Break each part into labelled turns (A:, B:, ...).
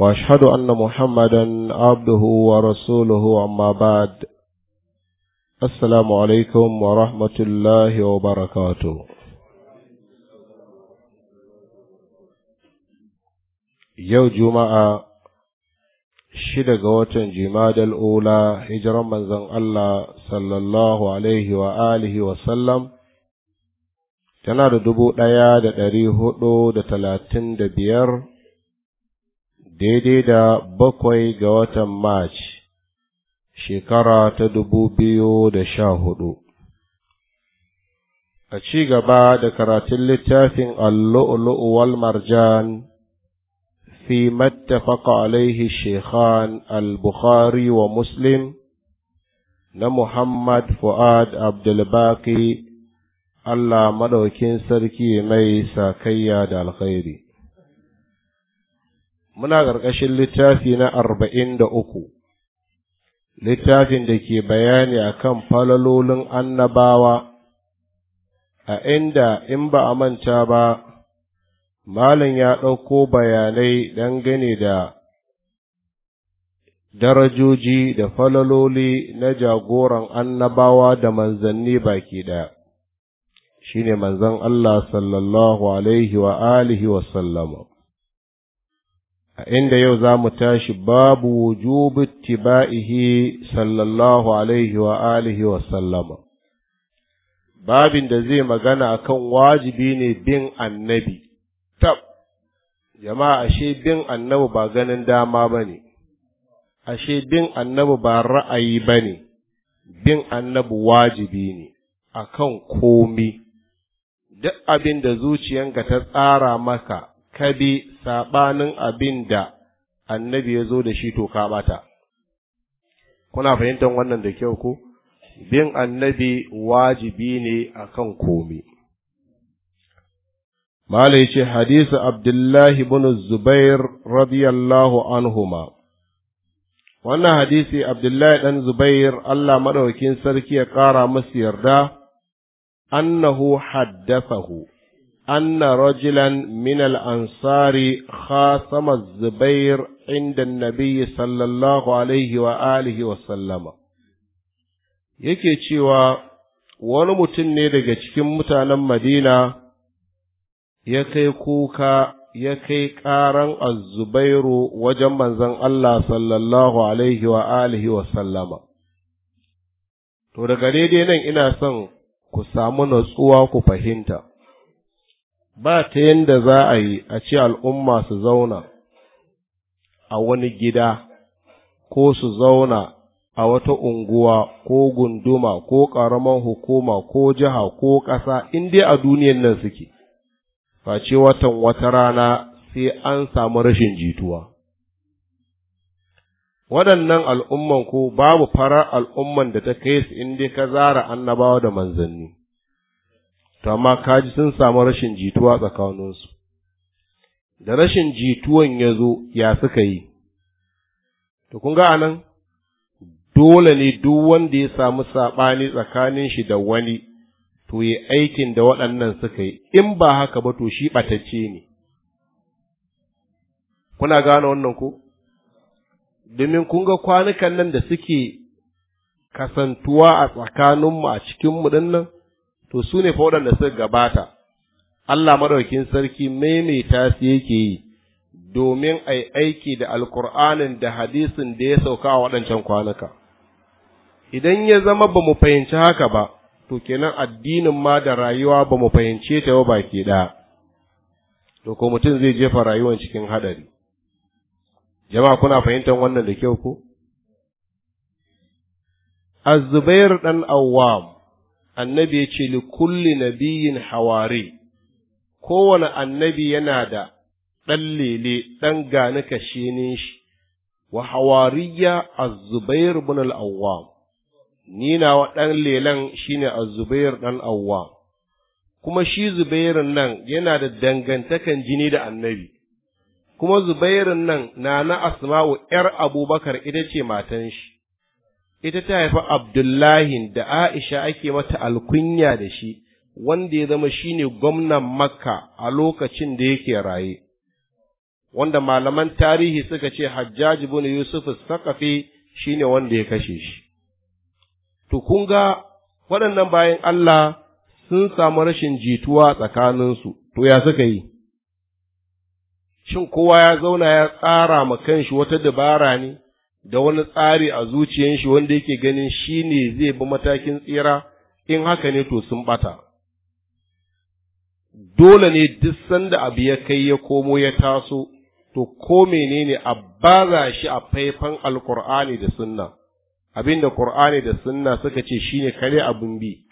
A: واشهد ان محمدا عبده ورسوله اما بعد السلام عليكم ورحمه الله وبركاته yau juma'a shida ga watan jimadal ula hijiran manzon Allah sallallahu alaihi wa wa sallam tana da dubu ɗaya da ɗari hudu da talatin da biyar daidai da bakwai ga watan March, shekara ta dubu biyu da sha hudu. A ci gaba da karatun littafin Allu'ulu'u wal Marjan, fi mattafaka alaihi Shekhan al-Bukhari wa Muslim, na Muhammad Fu'ad Abdulbaki, Allah maɗaukin sarki mai sakayya da alkhairi. muna ƙarƙashin littafi na arba'in da uku littafin da ke bayani a kan falalolin annabawa a inda in ba a manta ba malin ya ɗauko bayanai dangane da darajoji da falaloli na jagoran annabawa da manzanni baki ɗaya ne manzon Allah sallallahu alaihi wa alihi wa inda yau za mu tashi babu wujubu tiba'ihi sallallahu alaihi wa alihi wa sallama babin da zai magana akan wajibi ne bin annabi tab jama'a ashe bin annabi ba ganin dama ba ne ashe bin annabi ba ra'ayi ba ne bin annabi wajibi ne akan komi duk abin da zuciyanka ta tsara maka ka bi saɓanin abin da annabi ya zo da shi to ka ɓata. Kuna fahimtar wannan da kyau ko? Bin annabi wajibi ne akan komi. Malai ce hadisi Abdullahi bin Zubair radiyallahu anhuma. Wannan hadisi Abdullahi Dan Zubair Allah maɗaukin sarki ya ƙara masu yarda, annahu haddasahu. أن رجلا من الأنصار خاصم الزبير عند النبي صلى الله عليه وآله وسلم yake cewa wani mutum ne daga cikin mutanen Madina ya kai kuka ya kai ƙaran azubairu wajen manzon Allah sallallahu alaihi wa alihi wa sallama. To daga daidai nan ina son ku samu natsuwa ku fahimta. ba ta yadda za a yi a ce al'umma su zauna a wani gida ko su zauna a wata unguwa ko gunduma ko ƙaramin hukuma ko jiha ko ƙasa in dai a duniyan nan suke face watan wata rana sai an samu rashin jituwa waɗannan al'umman ko babu farar al'umman da ta kai su in ka zara annabawa da manzanni to amma kaji sun samu rashin jituwa tsakaninsu da rashin jituwan ya zo ya suka yi to kun ga anan dole ne duk wanda ya samu saɓani tsakanin shi da wani to yi aikin da waɗannan suka yi in ba haka ba to shi ɓatacce ne kuna gane wannan ko domin kun ga kwanukan nan da suke kasantuwa a tsakaninmu a cikinmu ɗin nan to su ne fa waɗanda suka gabata Allah maɗaukin sarki maimaita su yake yi domin a yi aiki da alkur'anin da hadisin da ya sauka a waɗancan kwanuka idan ya zama ba mu fahimci haka ba to kenan addinin ma da rayuwa ba mu fahimce ta ba baki ɗaya to ko mutum zai jefa rayuwan cikin haɗari jama'a kuna fahimtar wannan da kyau ko az-zubair dan awwam annabi ya ce li kulli nabiyin hawari kowane annabi yana da ɗan lele ɗan gani ne shi wa hawariya az-zubair ibn al-awwam ni nawa ɗan lelen shine az-zubair dan awwam kuma shi zubairun nan yana da dangantakan jini da annabi kuma zubairun nan na na asma'u ‘yar abubakar ita ce matan shi, ita ta haifi Abdullahi da Aisha ake mata alkunya da shi, wanda ya zama shi ne gwamnan Makka a lokacin da yake raye, wanda malaman tarihi suka ce Hajjaji bin Yusuf Sakafi ne wanda ya kashe shi. To kun ga waɗannan bayan Allah sun samu rashin jituwa tsakaninsu, to ya suka yi? Shin kowa ya zauna ya tsara ma kanshi wata dabara ne? da wani tsari a zuciyan shi wanda yake ganin shi ne zai bi matakin tsira in haka ne to sun bata dole ne duk sanda abu ya kai ya komo ya taso to ko menene a baza shi a faifan alkur'ani da sunna abinda qur'ani da sunna suka ce shine kare abun bi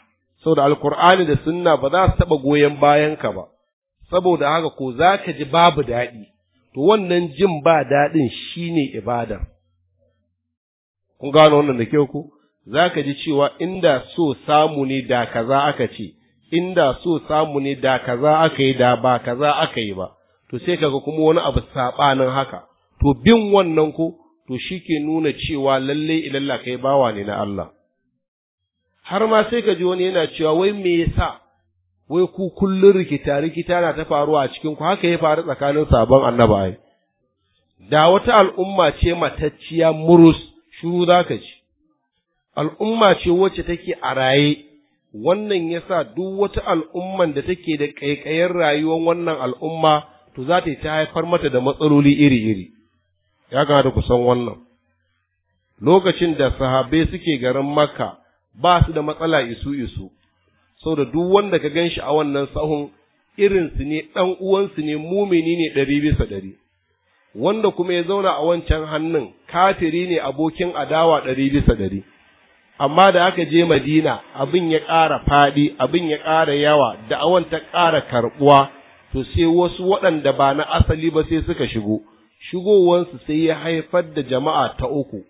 A: saboda alkur'ani da sunna ba za su taba goyon bayanka ba saboda haka ko za ka ji babu daɗi to wannan jin ba daɗin shine ibadar kun gano wannan da kyau ku za ka ji cewa inda so samu ne da kaza aka ce inda so samu ne da kaza aka yi da ba kaza aka yi ba to sai kaga kuma wani abu sabanin haka to bin wannan ko to shi ke nuna cewa lalle ilalla kai bawa ne na Allah har ma sai ka ji wani yana cewa wai me yasa wai ku kullun rikita rikita na ta faruwa a cikin ku haka ya faru tsakanin sabon annaba da wata al'umma ce matacciya murus shuru za ka ci? al'umma ce wacce take a raye wannan ya sa duk wata al'umman da take da ƙaiƙayen rayuwar wannan al'umma to za ta yi ta haifar mata da matsaloli iri-iri ya da kusan wannan lokacin da sahabai suke garin maka ba su da matsala isu-isu sau da duk wanda ka gan shi a wannan sahun irinsu ne ɗan uwansu ne mumini ne ɗari bisa ɗari wanda kuma ya zauna a wancan hannun kafiri ne abokin adawa ɗari bisa ɗari amma da aka je madina abin ya ƙara faɗi abin ya ƙara yawa da awan ta ƙara karɓuwa to sai wasu waɗanda ba na asali ba sai suka shigo shigowansu sai ya haifar da jama'a ta uku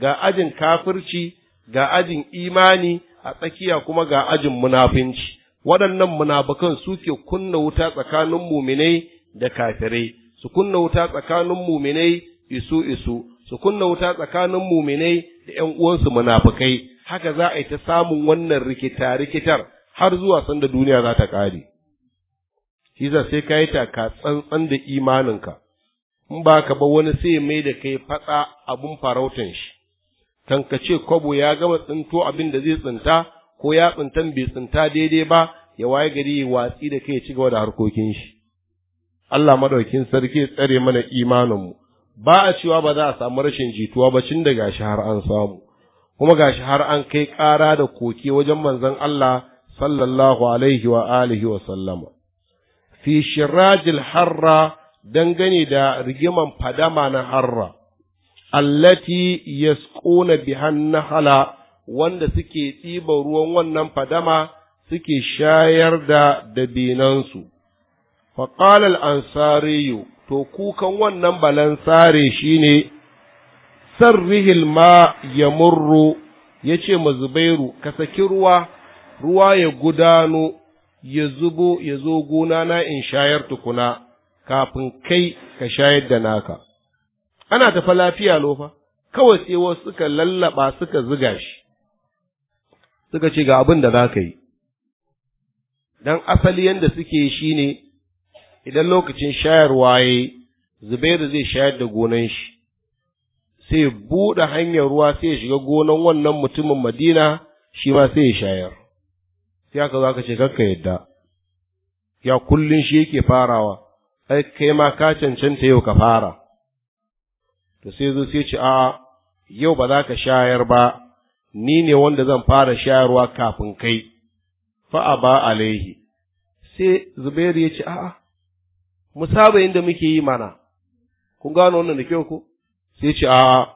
A: ga ajin kafirci ga ajin imani a tsakiya kuma ga ajin munafinci waɗannan munafukan suke kunna wuta tsakanin muminai da kafirai su kunna wuta tsakanin muminai isu isu su kunna wuta tsakanin muminai da ƴan uwansu munafukai haka za a yi ta samun wannan rikita rikitar har zuwa sanda duniya za ta ƙare shi sai ka yi taka tsantsan da imaninka in ba ka ba wani sai mai da kai fatsa abun farautan shi kan ka ce kwabo ya gama tsinto abin da zai tsinta ko ya tsintan bai tsinta daidai ba ya waye gari ya watsi da kai ya ci gaba da harkokin shi Allah madaukin sarki tsare mana imaninmu ba a cewa ba za a samu rashin jituwa ba cin da gashi har an samu kuma gashi har an kai ƙara da koke wajen manzon Allah sallallahu alaihi wa alihi wa sallama fi shirajil harra dangane da rigiman fadama na harra allati yasquna bihan nahala wanda suke tsiba ruwan wannan fadama suke shayar da dabinansu فقال الأنصاري to kukan wannan balansare shine sarrihil ma ya murro ya ce ma zubairu ka saki ruwa ruwa ya gudano ya zubo ya zo gona na in shayar tukuna kafin kai ka shayar da naka ana tafa lafiya lofa kawai sai wasu suka lallaba suka ziga shi suka ce ga abin da za ka yi don asali yadda suke shi ne idan lokacin shayarwa ya zubairu zai shayar da gonan shi sai buɗe hanyar ruwa sai ya shiga gonan wannan mutumin madina shi ma sai ya shayar sai aka za ka ce kakka yadda ya kullun shi yake farawa ai kai ma ka cancanta yau ka fara to sai zo sai ce a yau ba za ka shayar ba ni ne wanda zan fara shayarwa kafin kai Fa'a ba alaihi sai zubairu ya ce a'a mu saba yadda muke yi mana kun gano wannan da kyau ko sai ce a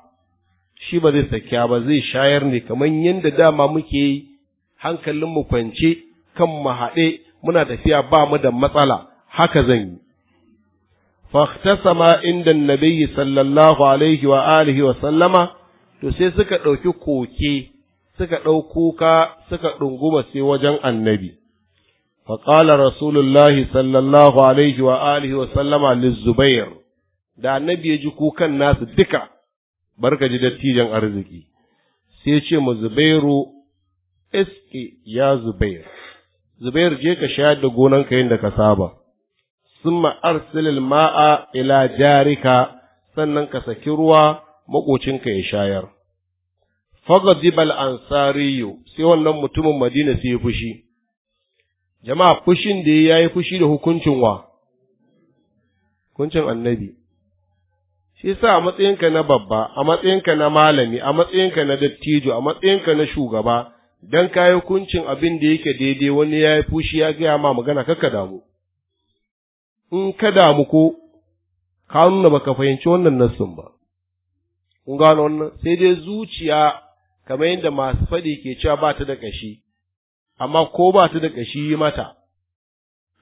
A: shi ba zai sakiya ba zai shayar ne kamar yadda dama muke yi hankalin mu kwance kan mu haɗe muna tafiya ba mu da matsala haka zan yi fahtasama inda nabiyyi sallallahu alaihi wa alihi wa sallama to sai suka ɗauki koke suka ɗau kuka suka ɗunguma sai wajen annabi فقال رسول الله صلى الله عليه وآله وسلم للزبير da annabi ya ji kukan nasu duka barka ji dattijan arziki sai ce mu zubairu iski ya zubair zubair je ka shayar da gonanka yadda ka saba summa arsilil ma'a ila jarika sannan ka saki ruwa maƙocinka ya shayar fagadibal ansariyu sai wannan mutumin madina sai ya fushi jama'a fushin da ya yi fushi da hukuncin wa hukuncin annabi shi sa a matsayinka na babba a matsayinka na malami a matsayinka na dattijo a matsayinka na shugaba don ka yi hukuncin abin da yake daidai wani ya yi fushi ya gaya ma magana kaka damu in ka damu ko ka nuna ba ka fahimci wannan nassun ba kun gano wannan sai dai zuciya kamar yadda masu faɗi ke cewa ba ta da ƙashi amma ko ba ta da ƙashi mata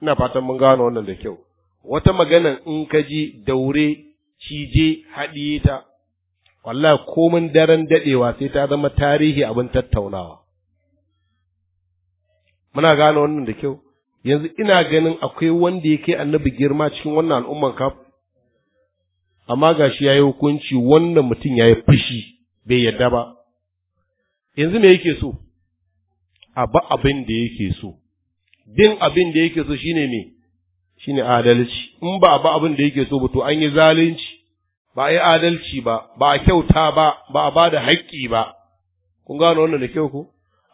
A: ina fatan mun gano wannan da kyau wata magana in ka ji daure cije haɗiye ta wallahi komin daren daɗewa sai ta zama tarihi abin tattaunawa muna gano wannan da kyau yanzu ina ganin akwai wanda ya kai annabi girma cikin wannan al'umman kaf amma ga shi ya yi hukunci wannan mutum ya yi fushi bai yadda ba yanzu me yake so a ba abin da yake so bin abin da yake so shine ne? shine adalci in ba ba abin da yake so ba to an yi zalunci ba a yi adalci ba ba a kyauta ba ba a ba da haƙƙi ba kun gano wannan da kyau ko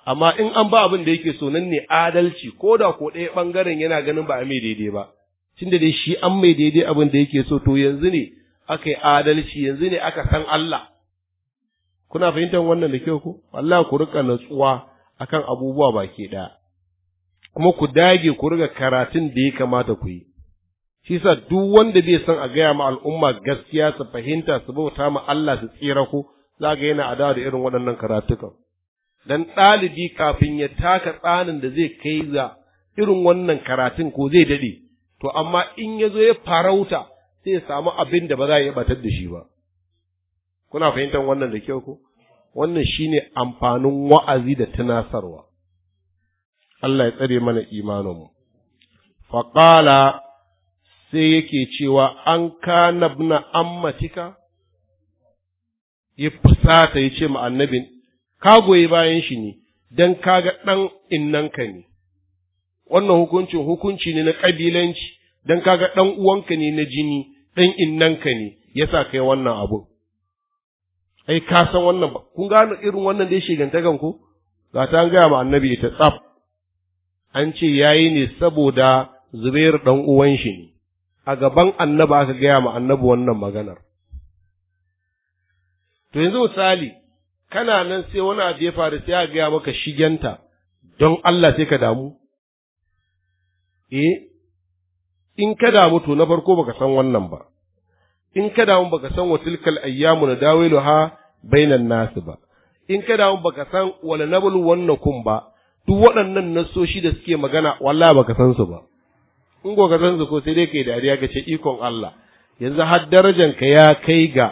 A: amma in an ba abin da yake so nan ne adalci ko da ko ɗaya ɓangaren yana ganin ba a mai daidai ba tun da dai shi an mai daidai abin da yake so to yanzu ne aka yi adalci yanzu ne aka san Allah kuna fahimtar wannan da kyau ko Allah ku rika natsuwa akan abubuwa baki ɗaya kuma ku dage ku riga karatun da ya kamata ku yi shi sa duk wanda bai san a gaya ma al'umma gaskiya su fahimta su bauta ma Allah su tsira ku za ga yana adawa da irin waɗannan karatukan dan ɗalibi kafin ya taka tsanin da zai kai ga irin wannan karatun ko zai daɗe to amma in ya zo ya farauta sai ya samu abin da ba za a yi batar da shi ba kuna fahimtar wannan da kyau ko wannan shine amfanin wa'azi da tunasarwa Allah ya tsare mana imaninmu faƙala sai yake cewa an kana na ammatika ya fusata ya ce ma ka goyi bayan shi ne don ka ga ɗan innanka ne wannan hukuncin hukunci ne na ƙabilanci don ka ga ɗan uwanka ne na jini ɗan innanka ne Ya sa kai wannan abun ai ka san wannan ba kun gano irin wannan dai shigantakan ko ga ta an gaya ma annabi ta tsaf an ce yayi ne saboda Zubair dan uwan shi ne a gaban annabi aka gaya ma annabi wannan maganar to yanzu misali kana nan sai wani abu ya faru sai a gaya maka shigenta don Allah sai ka damu eh in ka damu to na farko baka san wannan ba in ka mun baka san wa tilkal ayyamu na dawilu ha bainan nasu ba in ka mun baka san wala nabul wannakum ba duk waɗannan nasoshi da suke magana wallahi baka san su ba in ko ka san su ko sai dai kai dariya ka ce ikon Allah yanzu har darajan ka ya kai ga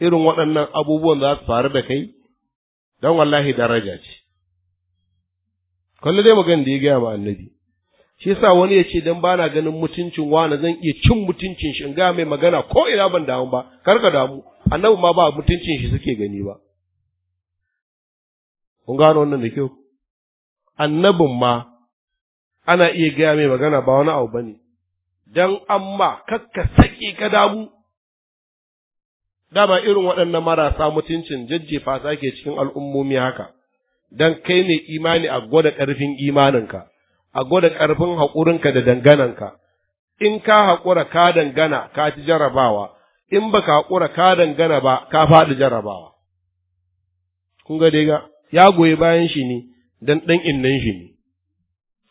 A: irin waɗannan abubuwan za su faru da kai don wallahi daraja ce kullu dai magana da ya gaya ma annabi shi yasa wani ya ce dan na ganin mutuncin wani zan iya cin mutuncin shi in ga mai magana ko ina ban damu ba kar ka damu annabi ma ba mutuncin shi suke gani ba kun gano wannan da kyau annabin ma ana iya gaya mai magana ba wani abu bane dan amma kakka saki ka damu dama irin waɗannan marasa mutuncin jajjefa sake cikin al'ummomi haka dan kai ne imani a gwada ƙarfin imaninka a gwada ƙarfin haƙurinka da dangananka in ka haƙura ka dangana ka ci jarabawa in baka haƙura ka dangana ba ka faɗi jarabawa kun ga dai ga ya goyi bayan shi ne don ɗan innan shi ne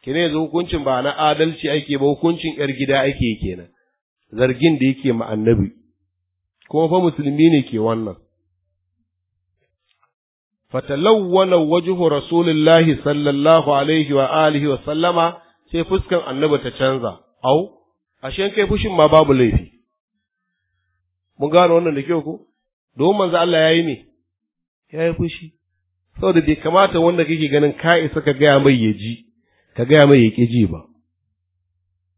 A: ki ne yanzu hukuncin ba na adalci ake ba hukuncin yar gida ake kenan zargin da yake ma annabi kuma fa musulmi ne ke wannan fatalawwana wajhu rasulillahi sallallahu alaihi wa alihi wa sallama sai fuskan annabi ta canza au ashe kai fushin ma babu laifi mun gano wannan da kyau ko domin manzo Allah yayi ne yayi fushi saboda bai kamata wanda kake ganin ka isa ka gaya mai ya ji ka gaya mai ya ji ba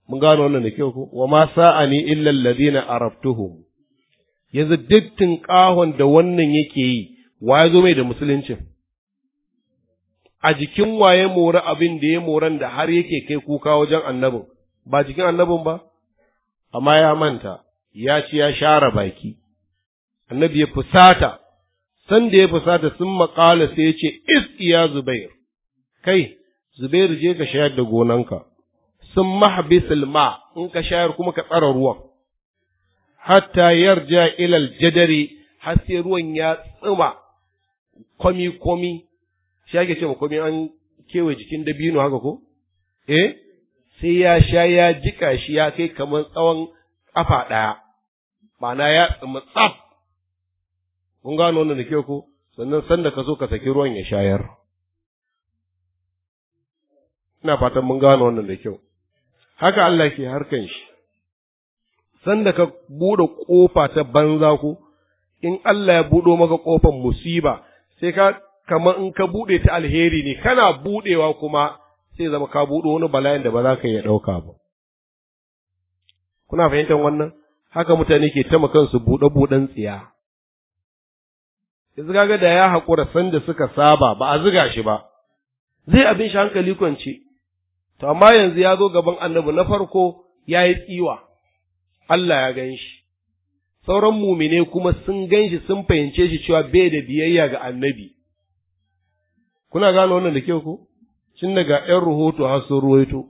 A: mun gano wannan da kyau ko wa ma sa'ani illa alladhina araftuhum yanzu duk tinƙahon da wannan yake yi wa ya zo mai da musuluncin a jikin wa ya mori abin da ya moran da har yake kai kuka wajen annabin ba jikin annabin ba amma ya manta ya ci ya share baki annabi ya fusata san da ya fusata sun maƙala sai ya ce is iya zubair kai zubair je ka shayar da gonanka sun mahbisul ma in ka shayar kuma ka tsara ruwan hatta yarja ilal jadari har sai ruwan ya tsuma komi komi shi ake ce komi an kewa jikin dabino haka ko eh sai ya sha ya jika shi ya kai kamar tsawon kafa ɗaya ma'ana ya tsaf kun gano wannan da ke ko sannan sanda ka zo ka saki ruwan ya shayar ina fatan mun gano wannan da kyau haka Allah ke harkan shi sanda ka buɗe ƙofa ta banza ko in Allah ya buɗo maka ƙofan musiba sai ka kamar in ka buɗe ta alheri ne kana buɗewa kuma sai zama ka buɗe wani bala'in da ba za ka iya ɗauka ba kuna fahimtar wannan haka mutane ke tama kansu buɗe-buɗen tsiya yanzu ga da ya haƙura sanda suka saba ba a ziga shi ba zai abin shi hankali kwance to amma yanzu ya zo gaban annabi na farko ya yi tsiwa Allah ya gan shi sauran mumine kuma sun ganshi sun fahimce shi cewa bai da biyayya ga annabi kuna gano wannan da kyau ko Cin daga yan rahoto har sun ruwaito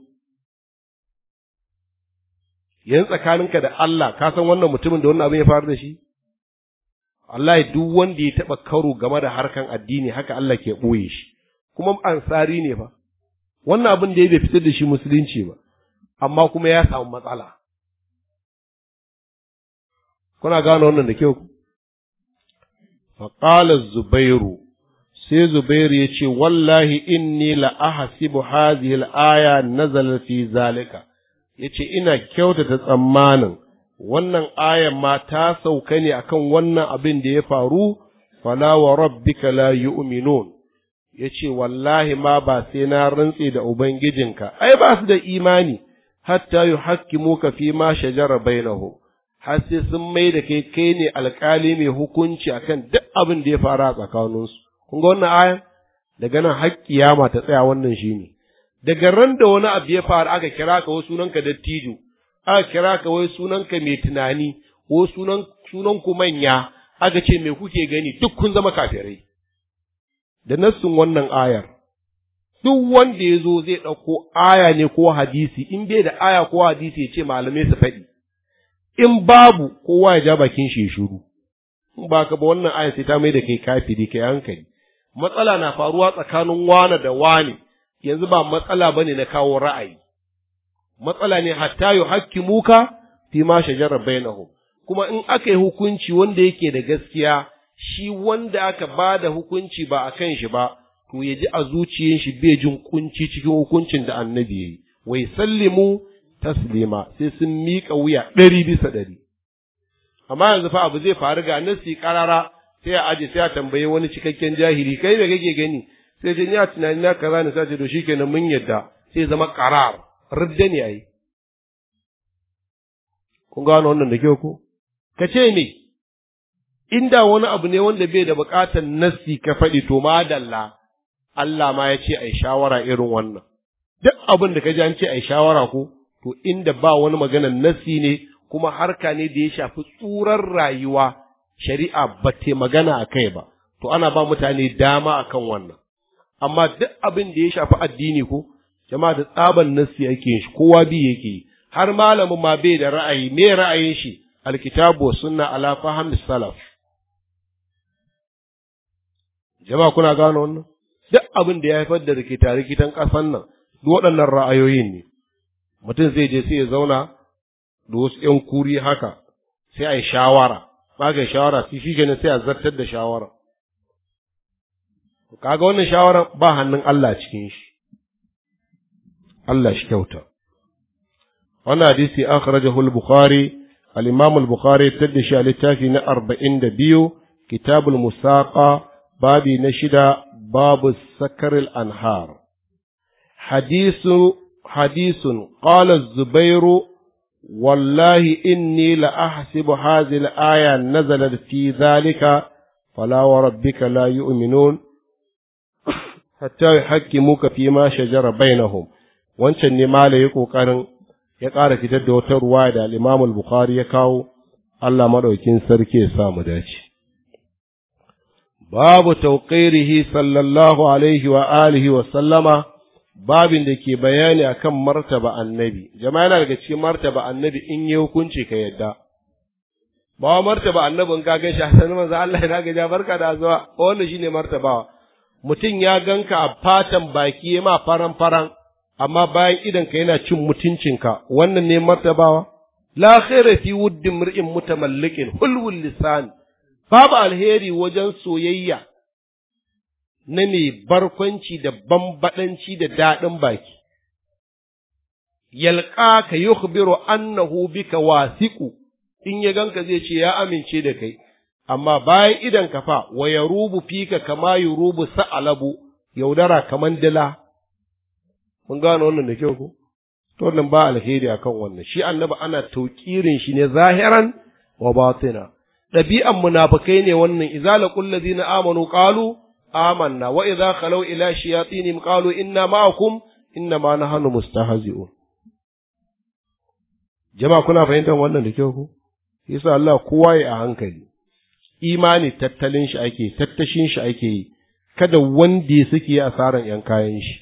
A: yan tsakaninka da Allah ka san wannan mutumin da wannan abin ya faru da shi Allah duk wanda ya taba karo game da harkan addini haka Allah ke ɓoye shi kuma ansari ne fa wannan abin da ya bai fitar da shi musulunci ba amma kuma ya samu matsala kuna gano wannan da kyau faƙalar zubairu sai zubairu ya ce wallahi inni la'ahasibu hazihi al'aya nazala fi zalika ya ce ina kyautata tsammanin wannan ayan ma ta sauka ne akan wannan abin da ya faru fala wa rabbika la yu'minun ya ce wallahi ma ba sai na rantse da ubangijinka ai ba su da imani hatta yuhakkimuka fi ma shajara bainahum har sai sun mai da kai kai ne alƙali mai hukunci akan duk abin da ya faru a tsakaninsu kun ga wannan ayan daga nan har kiyama ta tsaya wannan shi ne. daga ran da wani abu ya faru aka kira ka wai sunanka dattijo aka kira ka wai sunanka mai tunani ko sunan sunan ku manya aka ce me kuke gani duk kun zama kafirai da nassun wannan ayar duk wanda ya zo zai ɗauko aya ne ko hadisi in bai da aya ko hadisi ya ce malamai su faɗi in babu kowa ya ja bakin shi shuru in ba ka ba wannan aya sai ta mai da kai kafiri kai hankali matsala na faruwa tsakanin wane da wane yanzu ba matsala bane na kawo ra'ayi matsala ne hatta yuhakkimuka fi ma shajara bainahum kuma in aka yi hukunci wanda yake da gaskiya shi wanda aka ba da hukunci ba a kan shi ba to ya ji a zuciyar shi bai jin kunci cikin hukuncin da annabi ya yi wai sallimu taslima sai sun miƙa wuya ɗari bisa ɗari amma yanzu fa abu zai faru ga nasi karara sai a aje sai a tambaye wani cikakken jahili kai da kake gani sai jin ya tunani na kaza ne sai to shikenan mun yadda sai zama karar rudda ne ai kun gano wannan da kyau ko ka ce ne? inda wani abu ne wanda bai da bukatar nasi ka faɗi to madalla Allah ma ya ce ai shawara irin wannan duk abin da ka ji an ce ai shawara ko to inda ba wani maganar nasi ne kuma harka ne da ya shafi tsuran rayuwa shari'a ba ta magana a kai ba to ana ba mutane dama a kan wannan amma duk abin da ya shafi addini ko jama'a da tsaban nasi yake shi kowa bi yake har malamin ma bai da ra'ayi me ra'ayin shi alkitabu sunna ala faham salaf jama'a kuna gano wannan duk abin da ya haifar da rikita rikitan kasan nan duk waɗannan ra'ayoyin ne mutum zai je sai ya zauna da wasu ‘yan kuri haka sai a yi shawara baga shawara sai shi kenan sai a zartar da shawara kaga wannan shawara ba hannun Allah cikin shi Allah shi kyauta wannan hadisi akhrajahu al-bukhari al-imam al-bukhari tadda shi a littafi na 42 kitabul musaqa babi na shida babu sakaril anhar hadisu hadisun qala zubairu wallahi inni la ahsibu hadhihi al-aya nazalat fi dhalika fala wa rabbika la yu'minun hatta yuhaqqimuka fi ma shajara bainahum wancan ne mala ya kokarin ya ƙara fitar da wata ruwa da al-Imam bukhari ya kawo Allah maɗaukin sarki ya sa dace babu tauqirihi sallallahu alaihi wa alihi wa sallama babin da ke bayani a kan martaba annabi jama'a yana daga cikin martaba annabi in yi hukunci ka yadda ba wa martaba annabin ka gan shi hasan manzo Allah ya ga ja barka da zuwa wannan shine martabawa mutum ya ganka a fatan baki ma faran faran amma bayan idan ka yana cin mutuncinka wannan ne martabawa la khaira fi wuddi mar'in mutamalliqin hulwul lisan babu alheri wajen soyayya na mai barkwanci da bambaɗanci da daɗin baki. Yalƙa ka yukhbiru annahu bika wasiku in ya ganka zai ce ya amince da kai, amma bayan idan kafa fa wa ya rubu fika kama ya rubu sa'alabu yaudara kaman dila. Mun gano wannan da kyau ko? To wannan ba alheri akan wannan, shi annabi ana tauƙirin shi ne zahiran wa batina. Ɗabi'an munafukai ne wannan izala kullazina amanu ƙalu. amanna wa idza khalaw ya tsini qalu inna ma'akum inna ma nahnu mustahzi'un jama'a kuna fahimtar wannan da kyau ko yasa Allah kowa ya a hankali imani tattalin shi ake tattashin shi ake yi kada wanda ya suke asaran yan kayan shi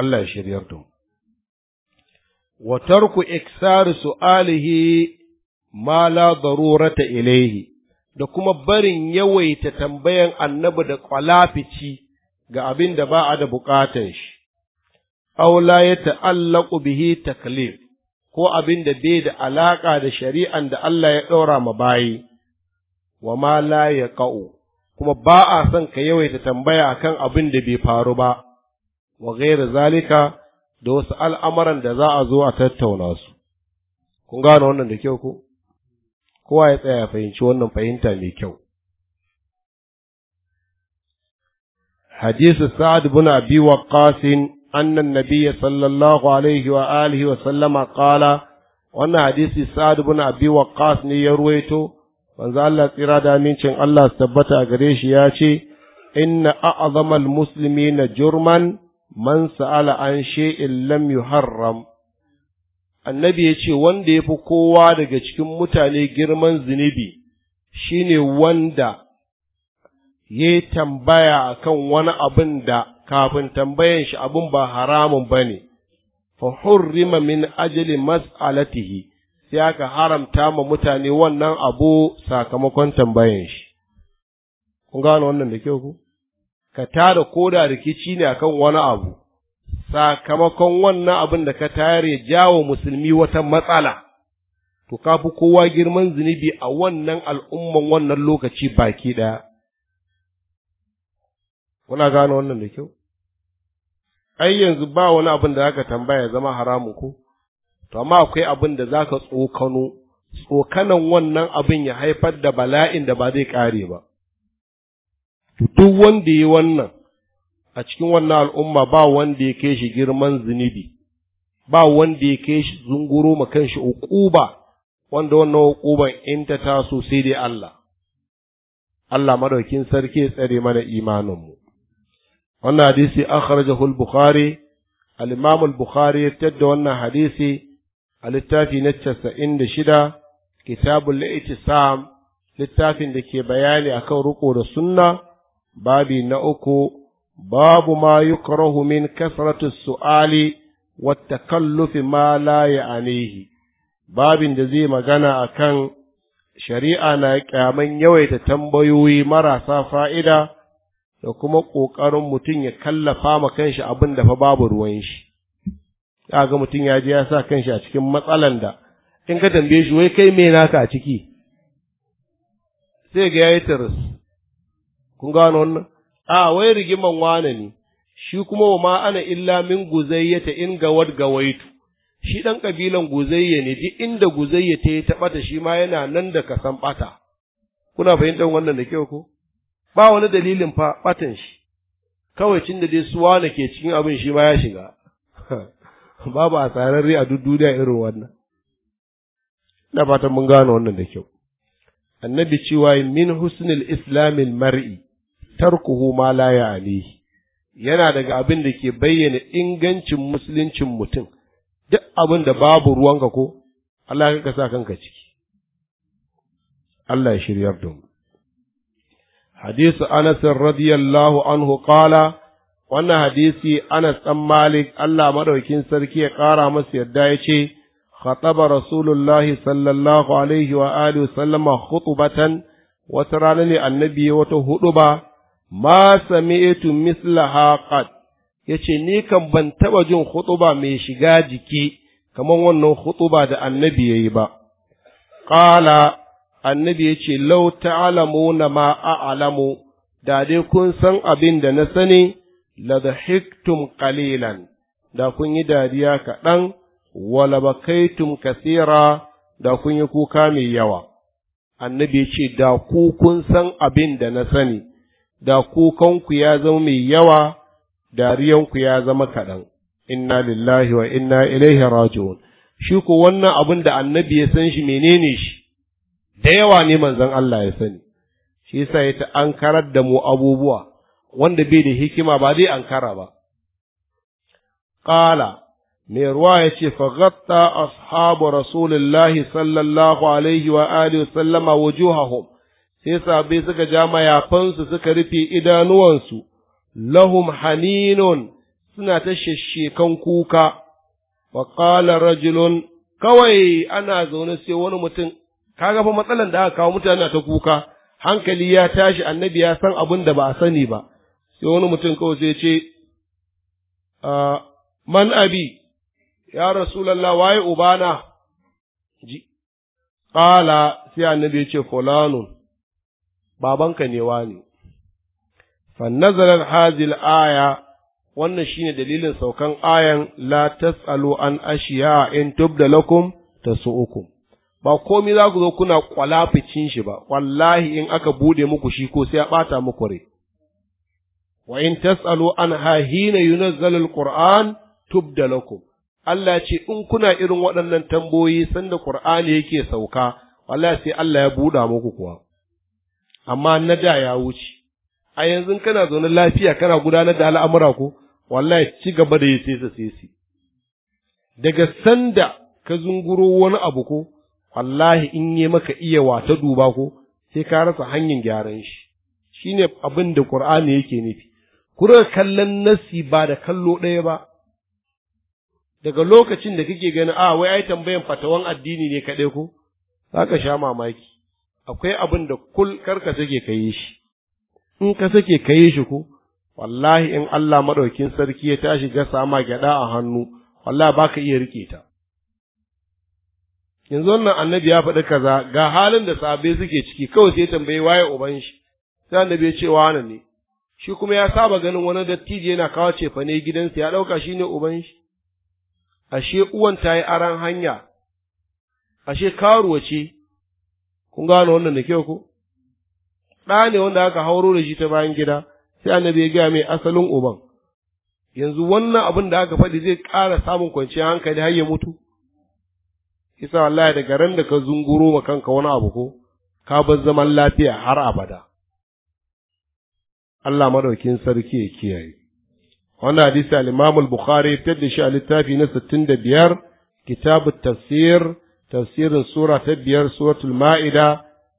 A: Allah ya shiryar da mu wa tarku iksaru su'alihi ma la darurata ilayhi da kuma barin yawaita tambayan annabi da kwalafici ga abin da ba a da bukatan shi, aula ya ta'allaku bihi taklif ko abin da bai da alaƙa da shari'an da Allah ya ɗaura ma bayi, wa ma la ya ƙa'u, kuma ba a son ka yawaita tambaya akan abin da bai faru ba, wa gaira zalika da wasu al'amuran da za a zo a tattauna su. Kun gane wannan da kyau ko? kowa ya tsaya ya fahimci wannan fahimta mai kyau hadisu sa'ad bin abi waqqas annan an sallallahu alaihi wa alihi wa sallama qala wannan hadisi sa'ad bin abi waqqas ne ya ruwaito manzo Allah tsira da amincin Allah su tabbata a gare shi ya ce inna Musulmi muslimina jurman man sa'ala an shay'in lam yuharram annabi ya ce wanda ya fi kowa daga cikin mutane girman zunubi shine wanda ya yi tambaya a kan wani abin da kafin tambayan shi abin ba haramun ba ne, fa min ajali mas'alatihi sai aka haramta ma mutane wannan abu sakamakon tambayan shi. Kun gano wannan da kyau ku? Ka tara koda rikici ne akan wani abu, sakamakon wannan abin da ka tayar ya jawo musulmi wata matsala to ka fi kowa girman zunubi a wannan al'umman wannan lokaci baki ɗaya. Kuna gano wannan da kyau? Ai, yanzu ba wani abin da zaka tambaya zama haramun ko, to amma akwai abin da zaka tsokano, tsokanan wannan abin ya haifar da bala'in da ba zai ƙare ba. Duk wanda yi wannan, a cikin wannan al'umma ba wanda ya kai shi girman zunubi ba wanda ya kai shi zunguro ma kanshi uquba wanda wannan uquban in ta taso sai dai Allah Allah madaukin sarki ya tsare mana imaninmu wannan hadisi akhrajahu al-bukhari al-imam al-bukhari ya tadda wannan hadisi a littafi na casa'in da 96 kitabul li'tisam littafin da ke bayani akan riko da sunna babi na uku babu ma yukrahu min kasratu su'ali wa takallufi ma la ya'anihi babin da zai magana akan shari'a na kyaman yawaita tambayoyi marasa fa'ida da kuma ƙoƙarin mutum ya kallafa ma kanshi abin da fa babu ruwan shi kaga mutum ya je ya sa kanshi a cikin matsalan da in ka tambaye shi wai kai me a ciki sai ga yayi tiris kun gano wannan a wai rigiman wane ne shi kuma wa ma ana illa min ta in gawar gawaitu shi ɗan ƙabilan guzayya ne duk inda guzayya ta yi ta ɓata shi ma yana nan da ka san ɓata kuna fahimtar wannan da kyau ko ba wani dalilin fa ɓatan shi kawai cin da dai suwa na ke cikin abin shi ma ya shiga babu a tsararri a duk duniya irin wannan ina fatan mun gane wannan da kyau annabi cewa min husnul islamil mar'i tarkuhu ma la ya alihi yana daga abin da ke bayyana ingancin musuluncin mutum duk abin da babu ruwanka ko Allah ka sa kanka ciki Allah ya shiryar da mu hadisi Anas radiyallahu anhu qala wannan hadisi Anas dan Malik Allah madaukin sarki ya kara masa yadda ya ce خطب رسول الله صلى الله عليه وآله وسلم خطبة Annabi لني النبي وتهدبا ma sami'tu mislaha qad yace ni kan ban taɓa jin khutuba mai shiga jiki kamar wannan khutuba da annabi yayi ba Ƙala annabi yace law ta'lamuna ma a'lamu da dai kun san abin da na sani la hiktum qalilan da kun yi dariya kaɗan wala bakaitum kasira da kun yi kuka mai yawa annabi yace da ku kun san abin da na sani da kukanku ya zama mai yawa dariyanku ya zama kaɗan inna lillahi wa inna ilaihi raji'un shi ko wannan abin da annabi ya san shi menene shi da yawa ne manzon Allah ya sani shi yasa ya ta ankarar da mu abubuwa wanda bai da hikima ba zai ankara ba qala mai ruwa ya ce faghatta ashabu rasulillahi sallallahu alaihi wa alihi wa sallama wujuhahum sai sabai suka ja mayafansu suka rufe idanuwansu lahum haninun suna ta shesshekan kuka wa rajulun kawai ana zaune sai wani mutum kaga fa matsalan da aka kawo mutane ta kuka hankali ya tashi annabi ya san abin da ba a sani ba sai wani mutum kawai sai ce man abi ya rasulallah waye ubana ji sai annabi ya ce fulanun babanka ne wani fannazarar hazil aya wannan shine dalilin saukan ayan la tasalu an ashiya in tubda lakum tasu'ukum ba komai za ku zo kuna kwalaficin shi ba wallahi in aka bude muku shi ko sai a bata muku rai wa in tasalu an hina yunazzalu alquran tubda lakum Allah ce in kuna irin waɗannan tamboyi sanda Qur'ani yake sauka wallahi sai Allah ya buɗa muku kuwa amma na da ya wuce a yanzu kana zaune lafiya kana gudanar da al'amura ko wallahi ci gaba da yi sai sai daga sanda ka zunguro wani abu ko wallahi in yi maka iya wata duba ko sai ka rasa hanyar gyaran shi shine abin da qur'ani yake nufi kura kallon nasi ba da kallo ɗaya ba daga lokacin da kake ganin a ah, wai ai tambayan fatawan addini ne kaɗai ko zaka sha mamaki akwai abin da kul karka sake ka yi shi in ka sake ka yi shi ko wallahi in Allah maɗaukin sarki ya tashi ga sama gyada a hannu wallahi baka iya rike ta yanzu wannan annabi ya faɗi kaza ga halin da sahabbai suke ciki kawai sai tambayi waye uban shi sai annabi ya ce wani ne shi kuma ya saba ganin wani dattijo yana kawo cefa ne gidansa ya ɗauka shi ne uban shi ashe uwan ta yi aran hanya ashe karuwa ce kun gane wannan da kyau ko ɗa ne wanda aka hauro da shi ta bayan gida sai annabi ya gaya mai asalin uban yanzu wannan abin da aka faɗi zai ƙara samun kwanciyar hankali har ya mutu isa wallahi daga ran da ka zunguro ma kanka wani abu ko ka bar zaman lafiya har abada Allah madaukin sarki ya kiyaye wannan hadisi al-Imam al-Bukhari ya fitar da shi a littafi na 65 kitabut tafsir tafsirin sura ta biyar suratul ma'ida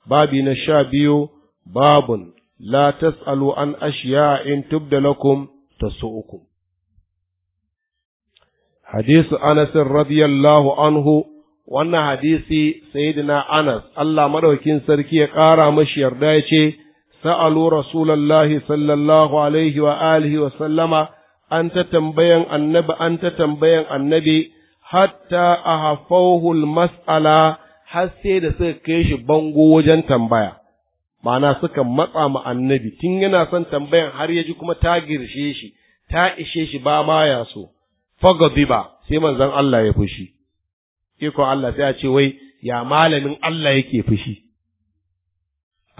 A: babi na sha biyu babun la tas'alu an ashiya in tubda lakum uku. hadisu anas radiyallahu anhu wannan hadisi sayyidina anas Allah madaukin sarki ya ƙara mashi yarda ya ce sa'alu rasulallahi sallallahu alaihi wa alihi wa sallama an ta tambayan annabi an ta tambayan annabi hatta a hafauhul mas'ala har sai da suka kai shi bango wajen tambaya, ma'ana suka matsa ma annabi, tun yana son tambayan har ya ji kuma ta girshe shi, ta ishe shi ba ma ya so, fagadiba sai manzon Allah ya fushi, iko Allah sai ya ce wai ya malamin Allah yake fushi.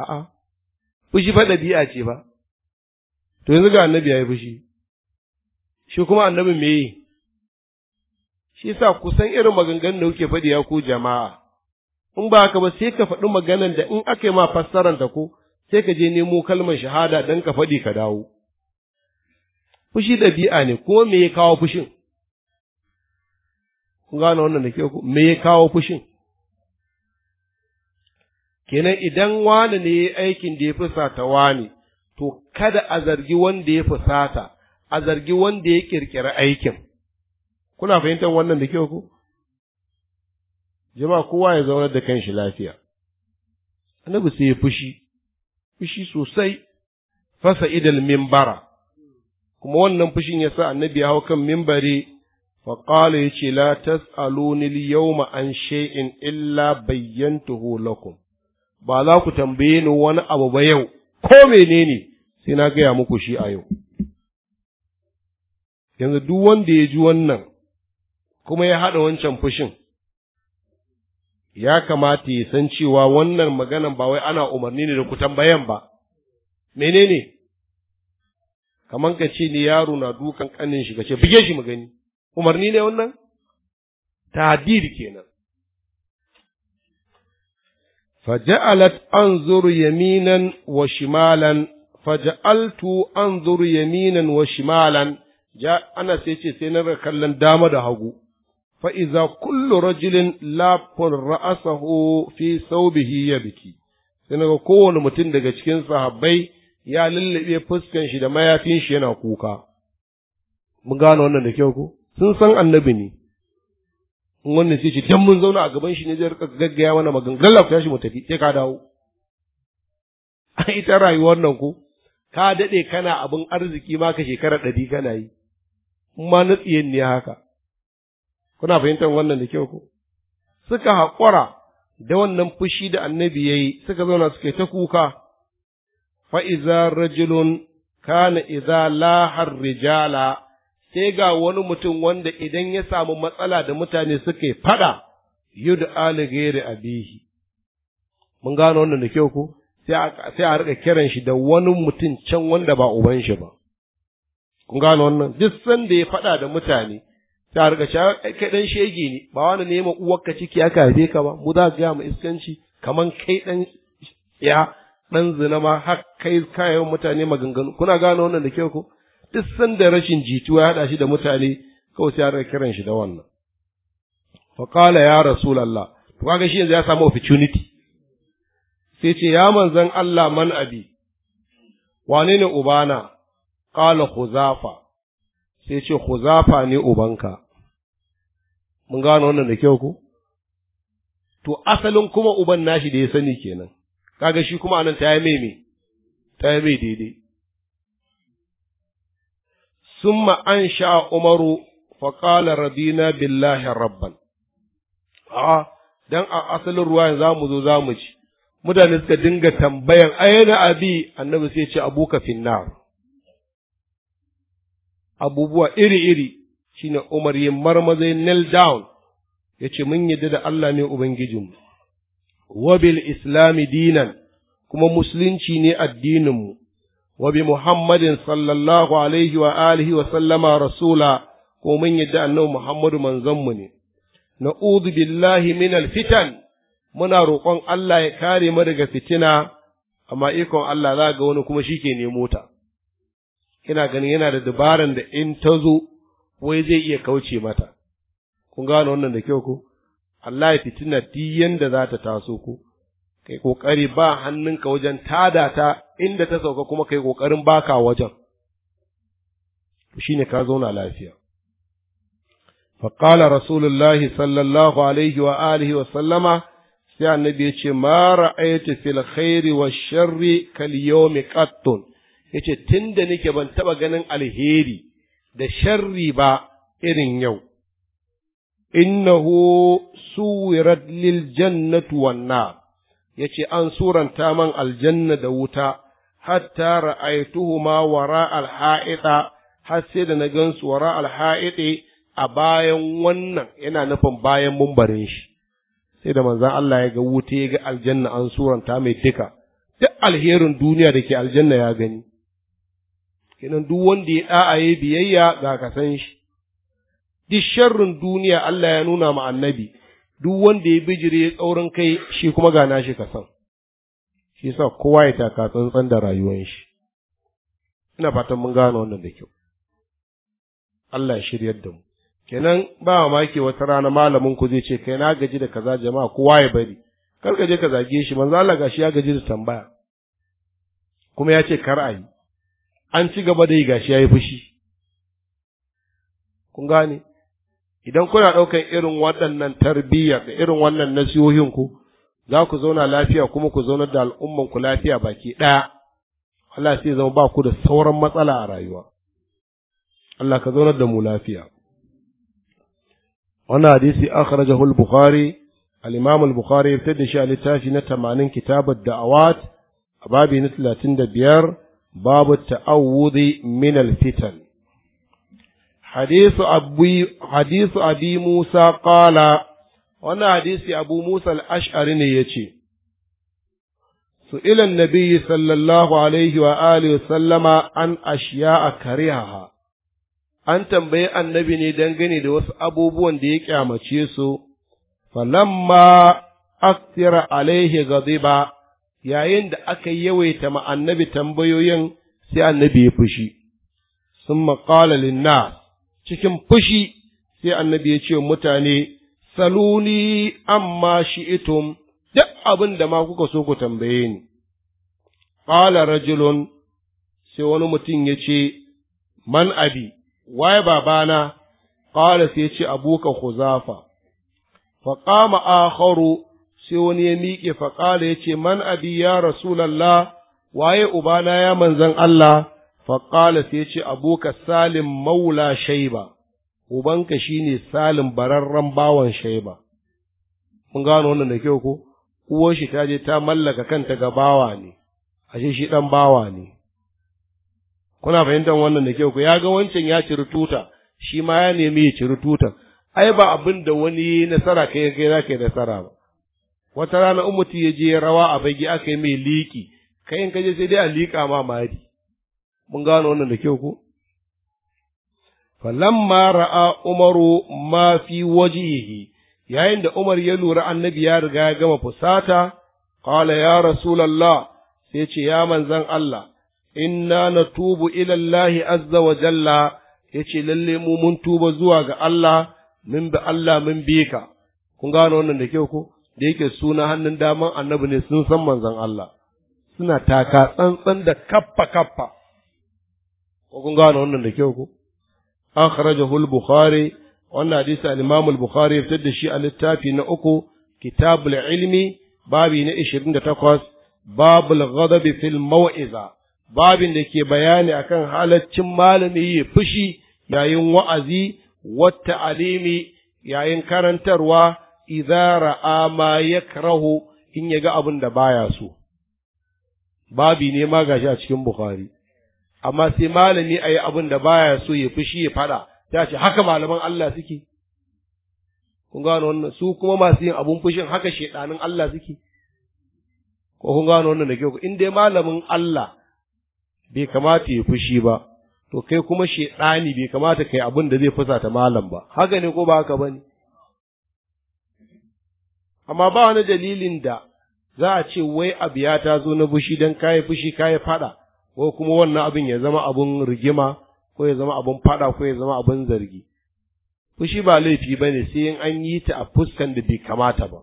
A: A'a, fushi fa ɗabi'a ce ba, to yanzu ga annabi ya yi fushi, shi kuma annabin me yi? shi yasa kusan irin maganganun da kuke faɗi ya ku jama'a in ba ka ba sai ka faɗi maganan da in aka yi ma fassaran ta ko sai ka je nemo kalmar shahada dan ka faɗi ka dawo fushi ɗabi'a ne ko me ya kawo fushin kun gane wannan da ke ku, me ya kawo fushin kenan idan wani ne ya aikin da ya fusata wani to kada a zargi wanda ya fusata a zargi wanda ya kirkira aikin kuna fahimtar wannan da kyau ku. jama'a kowa ya zaunar da kanshi lafiya annabi sai ya fushi fushi sosai fasa idal mimbara kuma wannan fushin ya sa annabi ya hau kan mimbari faƙala ya ce la tas'aluni al-yawma an shay'in illa bayyantuhu lakum ba za ku tambaye ni wani abu ba yau ko menene sai na gaya muku shi a yau yanzu duk wanda ya ji wannan kuma ya haɗa wancan fushin ya kamata ya san cewa wannan maganan ba wai ana umarni ne da ku tambayan ba menene kaman ka ce ni yaro na dukan kanin shi ka ce buge shi magani. umarni ne wannan tadir kenan فجعلت أنظر يمينا وشمالا فجعلت أنظر يمينا وشمالا جاء أنا سيتي سينر dama دام hagu. فإذا كل رجل rajulin lafin ra'asahu fi saubihi ya biki sai naga kowane mutum daga cikin sahabbai ya lullube fuskan shi da mayafin shi yana kuka mun gano wannan da kyau ko sun san annabi ne wannan sai ce dan mun zauna a gaban shi ne zai rika gaggaya mana maganganun lafiya shi mu tafi sai ka dawo Ai ita rayuwar nan ko ka daɗe kana abin arziki ma ka shekara ɗari kana yi ma na tsiyen ne haka kuna fahimtar wannan da kyau ko suka haƙura da wannan fushi da annabi ya yi suka zauna suka yi ta kuka fa'iza rajulun kana iza lahar rijala sai ga wani mutum wanda idan ya samu matsala da mutane suka yi fada yudu aligere abihi mun gano wannan da kyau ko sai a rika kiran shi da wani mutum can wanda ba uban shi ba kun gano wannan duk sanda ya fada da mutane ta rika cewa kai dan shege ne ba wani ne ma uwarka ciki aka haife ka ba mu za ga mu iskanci kaman kai dan ya dan zina ma har kai kayan mutane maganganu kuna gane wannan da kyau ko duk sanda rashin jituwa ya hada shi da mutane kawai sai rika kiran shi da wannan fa qala ya rasulullah to kaga shi yanzu ya samu opportunity sai ce ya manzon Allah man abi wane ne ubana qala khuzafa sai ce khuzafa ne ubanka mun gano wannan da kyau ko to asalin kuma uban nashi da ya sani kenan kaga shi kuma anan ta yi mai me ta yi mai daidai summa an sha umaru faƙala radina billahi rabban a dan a asalin ruwa za mu zo za mu ci mutane suka dinga tambayan ayyana abi annabi sai ce abuka finnar abubuwa iri-iri shine Umar yin marmazai nail down ya ce mun yadda da Allah ne Ubangijinmu, wabil islami dinan kuma musulunci ne addininmu, wabi Muhammadin sallallahu alaihi wa alihi wa sallama rasula ko mun yadda annabi Muhammadu manzanmu ne. udu billahi min alfitan muna roƙon Allah ya kare mu daga fitina, amma ikon Allah za ga wani kuma shi ke nemo ta. Kina ganin yana da dabaran da in ta zo wai zai iya kauce mata kun gano wannan da kyau ko Allah ya fitina diyanda yanda za ta taso ko kai kokari ba hannunka wajen tada ta inda ta sauka kuma kai kokarin baka wajen shine ka zauna lafiya فقال رسول sallallahu alaihi wa alihi wa sallama sai annabi ya ce ma ra'aytu fil khairi wa sharri kal yawmi qattun yace tunda nake ban taɓa ganin alheri da sharri ba irin yau innahu suwirat lil jannatu wan nar yace an suranta man aljanna da wuta hatta ma wara al har sai da na gansu wara al a bayan wannan yana nufin bayan mumbarin shi sai da manzan Allah ya ga wuta ya ga aljanna an suranta mai duka duk alherin duniya da ke aljanna ya gani kenan duk wanda ya ya biyayya ga ka san shi duk sharrin duniya Allah ya nuna ma annabi duk wanda ya bijire tsaurin kai shi kuma ga nashi ka san shi yasa kowa ya taka tsantsan da rayuwar shi ina fatan mun gane wannan da kyau Allah ya shiryar da mu kenan ba mamaki wata rana malamin ku zai ce kai na gaji da kaza jama'a kowa ya bari kar ka je ka zage shi manzo Allah gashi ya gaji da tambaya kuma ya ce kar a yi an ci gaba da yi gashi ya yi fushi kun gane idan kuna ɗaukar irin waɗannan tarbiyyar da irin wannan nasihohin ku za ku zauna lafiya kuma ku zaunar da al'umman ku lafiya baki ɗaya Allah sai zama ba ku da sauran matsala a rayuwa Allah ka zaunar da mu lafiya wannan hadisi akhrajahu jahul bukhari al-imam al-bukhari ya fitar da shi a littafi na 80 kitabar daawat a babi na 35 باب التعوذ من الفتن حديث أبي حديث أبي موسى قال وانا حديث أبو موسى الأشعري يجي سئل النبي صلى الله عليه وآله وسلم عن أشياء كرهها an tambayi annabi ne dangane da wasu abubuwan da ya kyamace su, falamma aksira alaihi gaziba yayin da aka yawaita ma annabi tambayoyin sai annabi ya fushi sun maƙala linna cikin fushi sai annabi ya ce mutane saluni amma shi'itum duk abin da ma kuka so ku tambaye ni ƙala rajulun sai wani mutum ya ce man abi waye babana ƙala sai ya ce abuka zafa, faƙama akharu sai wani ya miƙe faƙala ya ce man abi ya rasulallah waye ubana ya manzan Allah faƙala sai ya ce abuka salim maula shaiba ubanka shine salim bararren bawan shaiba mun gano wannan da kyau ko uwar shi ta je ta mallaka kanta ga bawa ne ashe shi dan bawa ne kuna fahimtar wannan da kyau ko ya ga wancan ya ciri tuta shi ma ya nemi ya ciri tutan ai ba abin da wani nasara kai kai zaka yi nasara ba wata rana in mutum ya je rawa a bagi aka yi mai liƙi kai in kaje sai dai a liƙa ma mari mun gano wannan da kyau ko falamma ra'a umaru ma fi wajihi yayin da umar ya lura annabi ya riga ya gama fusata qala ya rasulullah sai ce ya manzan Allah inna natubu ila Allah azza wa jalla yace lalle mu mun tuba zuwa ga Allah min bi Allah mun bi kun gano wannan da kyau ko da yake suna hannun daman annabi ne sun san manzon Allah suna taka tsantsan da kaffa kaffa ko kun gane wannan da kyau ko akhrajahu al-bukhari wannan hadisi al-imam al-bukhari fitar da shi a littafi na uku kitabul ilmi babi na 28 babul ghadabi fil mau'iza babin da ke bayani akan halaccin malami ya fushi yayin wa'azi wata alimi yayin karantarwa idza ra'a ma yakrahu in yaga abin da baya so babi ne ma gashi a cikin bukhari amma sai malami ayi abin da baya so ya fushi ya fada ta ce haka malaman Allah suke kun gano wannan su kuma masu yin abun fushin haka shedanin Allah suke ko kun gano wannan da kyau in dai malamin Allah bai kamata ya fushi ba to kai kuma shedani bai kamata kai abin da zai fusata malam ba haka ne ko ba haka bane amma ba wani dalilin da za a ce wai abu ya ta zo na bushi don kayi fushi kayi fada ko kuma wannan abin ya zama abin rigima ko ya zama abin fada ko ya zama abin zargi fushi ba laifi ba ne sai in an yi ta a fuskan da bai kamata ba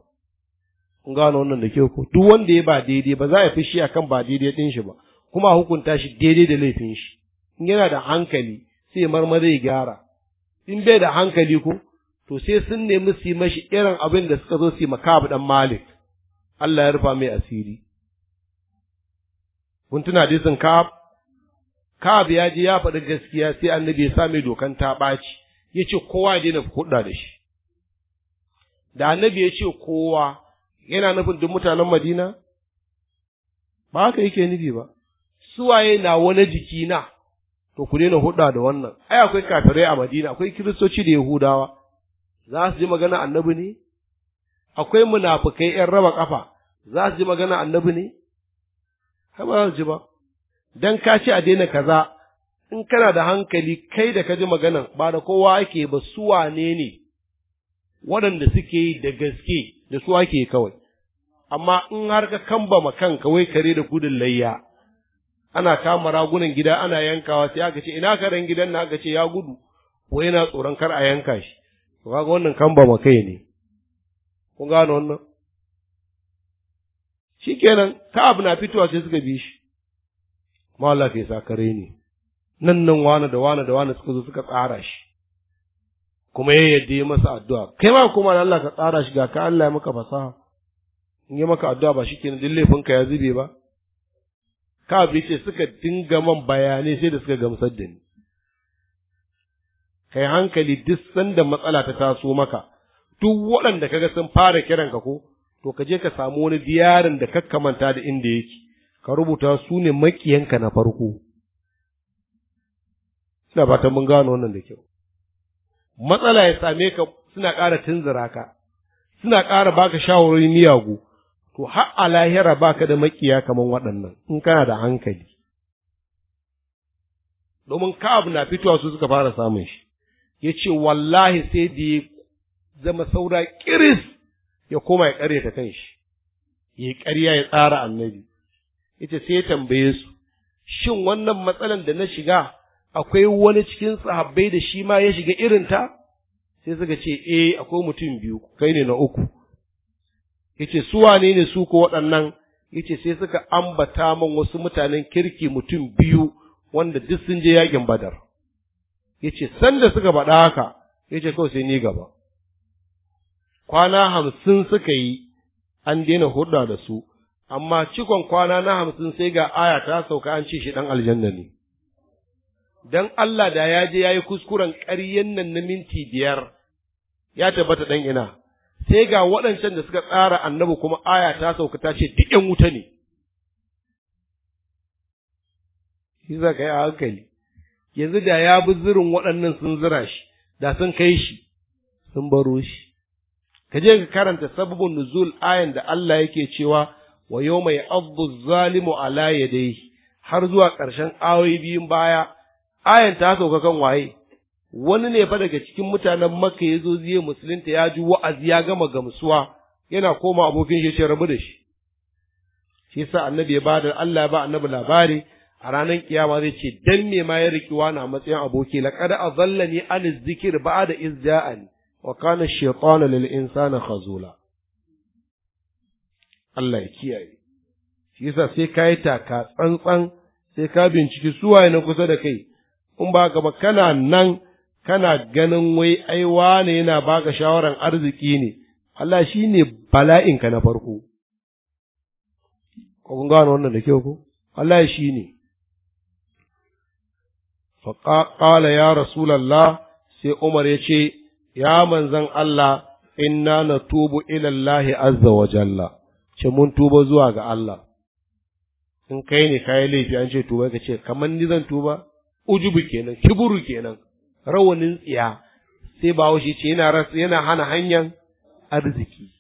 A: kun gano wannan da kyau ko duk wanda ya ba daidai ba za a fushi akan ba daidai din shi ba kuma a hukunta shi daidai da laifin shi in yana da hankali sai marmari ya gyara in bai da hankali ko to sai sun nemi su yi mashi irin abin da suka zo su yi makabu dan malik Allah ya rufa mai asiri kun tuna hadisin kab kab ya je ya faɗi gaskiya sai annabi ya sa mai dokan ta ɓaci ya ce kowa ya daina da shi da annabi ya ce kowa yana nufin duk mutanen madina ba haka yake nufi ba suwaye na wani na? to ku daina hudda da wannan ai akwai kafirai a madina akwai kiristoci da yahudawa za su ji magana annabi ne akwai munafukai ‘yan raba ƙafa za su ji magana annabi ne? ba za su ji ba, don ka ce a daina kaza in kana da hankali kai da ka ji maganan ba da kowa ake ba su wane ne waɗanda suke yi da gaske da su ake kawai. Amma in har ka kamba ma kanka wai kare da gudun layya, ana kama ragunan gida ana yankawa sai aka ce ina karen gidan na aka ce ya gudu, wai yana tsoron kar a yanka shi. to kaga wannan kan ba kai ne kun gano wannan shikenan ka abu na fitowa sai suka bi shi ma Allah fa sakare ne nan nan wani da wani da wani suka zo suka tsara shi kuma ya yadda ya masa addu'a kai ma kuma Allah ka tsara shi ga ka Allah ya maka fasaha in yi maka addu'a ba shikenan duk laifinka ya zube ba ka bi ce suka dinga man bayanai sai da suka gamsar da ni kai hankali duk sanda matsala ta taso maka duk waɗanda kaga sun fara kiran ka ko to ka je ka samu wani diyarin da kakkamanta da inda yake ka rubuta su ne makiyanka na farko ina ba ta mun gano wannan da kyau matsala ya same ka suna ƙara tunzura ka suna ƙara baka shawarwari miyagu to har a lahira baka da makiya kaman waɗannan in kana da hankali domin ka'ab na fitowa su suka fara samun shi ya ce wallahi sai da ya zama saura kiris ya koma ya ƙarya ta kan shi ya ƙarya ya tsara annabi ya sai ya tambaye su shin wannan matsalan da na shiga akwai wani cikin sahabbai da shi ma ya shiga irinta sai suka ce eh akwai mutum biyu kai ne na uku ce su wane ne su ko waɗannan yace sai suka ambata man wasu mutanen kirki mutum biyu wanda duk sun je yakin badar yace sanda suka faɗa haka yace kawai sai ni gaba kwana hamsin suka yi an daina hurɗa da su amma cikon kwana na hamsin sai ga aya ta sauka an ce shi ɗan aljanna ne don Allah da ya je ya yi kuskuren ƙaryen nan na minti biyar ya tabbata ɗan ina sai ga waɗancan da suka tsara annabi kuma aya ta sauka ta ce duk ‘yan wuta ne. Shi za ka yi a hankali. yanzu da ya bi zirin waɗannan sun zira shi da sun kai shi sun baro shi ka je ka karanta sabbin nuzul ayan da Allah yake cewa wa yau mai abu zalimu ala yadai har zuwa ƙarshen ayoyi biyun baya ayan ta sauka kan waye wani ne fa daga cikin mutanen makka ya zo ziye musulunta ya ji wa'azi ya gama gamsuwa yana koma abokin shi ce rabu da shi shi sa annabi ya bada Allah ya ba annabi labari a ranar kiyama zai ce dan me ma ya riki wani a matsayin aboki kada azallani an zikir ba'da iz ja'ani wa kana shaytanu lil insani khazula Allah ya kiyaye shi yasa sai ka yi taka tsantsan sai ka binciki waye na kusa da kai in ba gaba kana nan kana ganin wai ai wane yana baka shawaran arziki ne Allah shi ne bala'inka na farko kun gano wannan da kyau ko Allah shi ne faƙaƙala ya rasulallah sai umar ya ce ya manzan Allah inna na tubu ilallahi azza wa jalla ce mun tuba zuwa ga Allah in kai ne kayi laifi an ce tuba ka kamar ni zan tuba ujubu kenan kiburu kenan rawanin tsiya sai ba ce yana yana hana hanyar arziki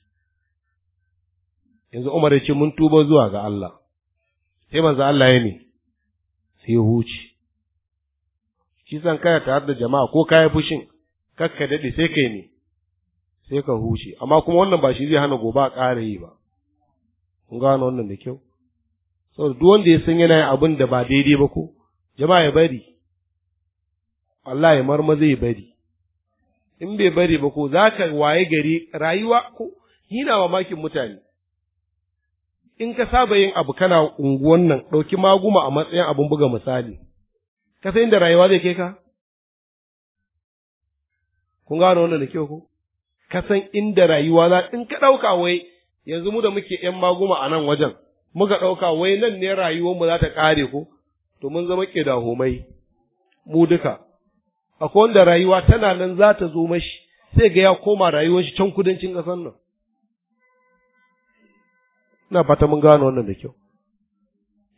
A: yanzu Umar ya ce mun tuba zuwa ga Allah sai manzo Allah ya ne sai huce shi san tare da jama'a ko kaya fushin kakka daɗe sai kai ne sai ka huce amma kuma wannan ba shi zai hana gobe a ƙara yi ba kun gano wannan da kyau saboda duk wanda ya san yana yin abin da ba daidai ba ko jama'a ya bari Allah ya marma zai bari in bai bari ba ko za ka waye gari rayuwa ko hina mamakin mutane in ka saba yin abu kana unguwan nan ɗauki maguma a matsayin abin buga misali ka san inda rayuwa zai kai ka kun gano wannan da kyau ko ka san inda rayuwa za in ka ɗauka wai yanzu mu da muke ‘yan maguma a nan wajen muka ɗauka wai nan ne rayuwarmu za ta kare ko to mun zama ke da homai mu duka akwai wanda rayuwa tana nan za ta zo mashi sai ga ya koma rayuwar shi can kudancin kasan nan ina fata mun gano wannan da kyau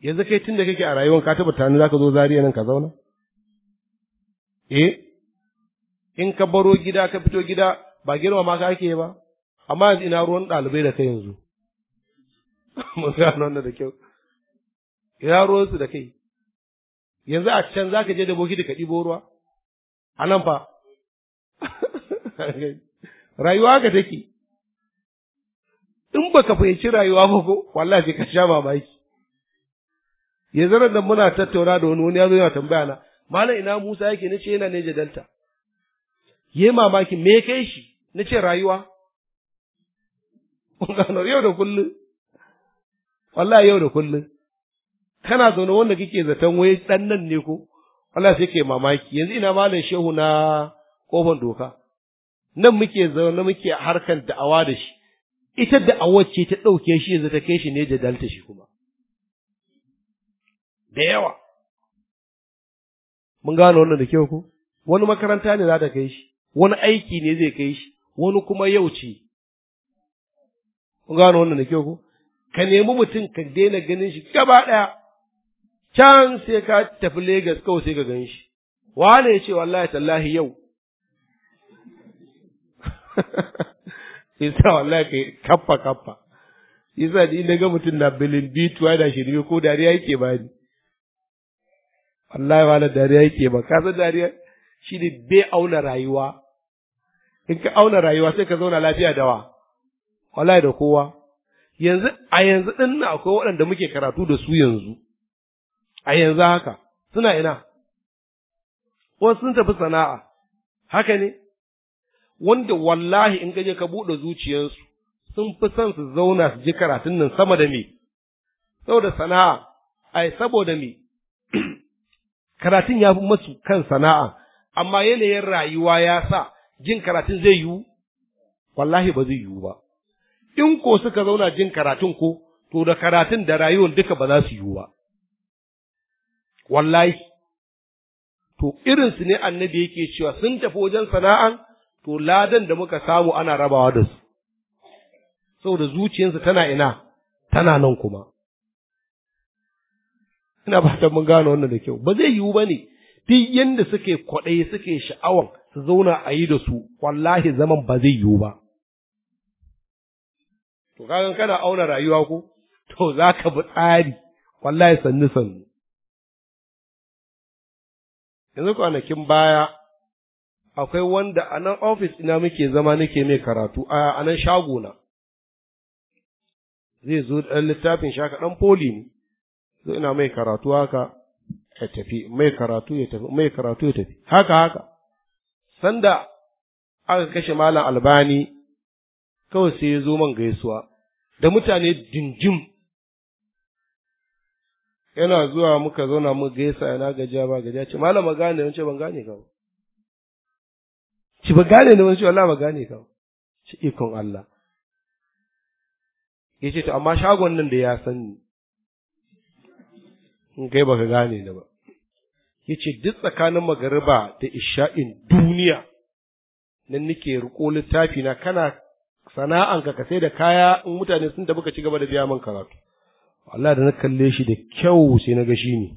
A: yanzu kai tun da kake a rayuwar ka taɓa tani za ka zo zariya nan ka zauna eh in ka baro gida ka fito gida ba girma ma ka ake ba amma yanzu ina ruwan ɗalibai da kai yanzu mun ga nan da kyau ina ruwansu da kai yanzu a can za ka je da bokiti ka ɗibo ruwa a nan fa rayuwa haka take in baka fahimci rayuwa ba ko wallahi ka sha mamaki ya zama da muna tattauna da wani wani ya zo yana tambaya na malam ina Musa yake nace yana ne jadalta yayi mamaki me kai shi nace rayuwa gano yau da kullum wallahi yau da kullum kana zaune wanda kike zaton wai dan nan ne ko wallahi sai ke mamaki yanzu ina malam shehu na kofan doka nan muke zaune muke harkan da'awa da shi ita da'awar ce ta dauke shi yanzu ta kai shi ne jadalta shi kuma da yawa mun gano wannan da kyau ko wani makaranta ne za ta kai shi wani aiki ne zai kai shi wani kuma yau ce mun gano wannan da kyau ko ka nemi mutum ka daina ganin shi gaba ɗaya can sai ka tafi Legas kawai sai ka gan shi wane ya ce wallahi tallahi yau isa wallahi kai kaffa kaffa isa ni na ga mutum na bilin bituwa da shirme ko dariya yake bani Allah ya wala dariya yake ba ka san dariya shi ne bai auna rayuwa in ka auna rayuwa sai ka zauna lafiya da wa wallahi da kowa yanzu a yanzu din nan akwai waɗanda muke karatu da su yanzu a yanzu haka suna ina wasu sun tafi sana'a haka ne wanda wallahi in gaje ka buɗe zuciyarsu sun fi son su zauna su ji karatun nan sama da me saboda sana'a ai saboda me karatun ya fi masu kan sana'a amma yanayin rayuwa ya sa jin karatun zai yiwu wallahi ba zai yiwu ba in ko suka zauna jin karatun ko to da karatun da rayuwar duka ba za su yiwu ba wallahi to irinsu ne annabi yake cewa sun tafi wajen sana'an to ladan da muka samu ana rabawa da su saboda zuciyarsa tana ina tana nan kuma ina fatan mun gane wannan da kyau ba zai yiwu ba ne duk yadda suke kwaɗayi suke sha'awan su zauna a yi da su wallahi zaman ba zai yiwu ba to kagan kana auna rayuwa ko to za ka bi tsari wallahi sannu sannu yanzu kwanakin baya akwai wanda a nan ofis ina muke zama nake mai karatu a nan na. zai zo ɗan littafin shaka ɗan foli ne zo ina mai karatu haka ya tafi mai karatu ya tafi mai karatu ya tafi haka haka sanda aka kashe malam albani kawai sai ya zo man gaisuwa da mutane dinjim yana zuwa muka zauna mu gaisa yana gajiya ba gajiya ce malama gane ne ban gane ka ba ci ba gane ne wance Allah ba gane ka ba ci ikon Allah yace to amma shagon nan da ya san ni in kai baka gane ni ba yace duk tsakanin magariba da isha'in duniya nan nake riko littafi na kana sana'anka ka sai da kaya in mutane sun tafi ka ci gaba da biya man karatu Allah da na kalle shi da kyau sai na ga shi ne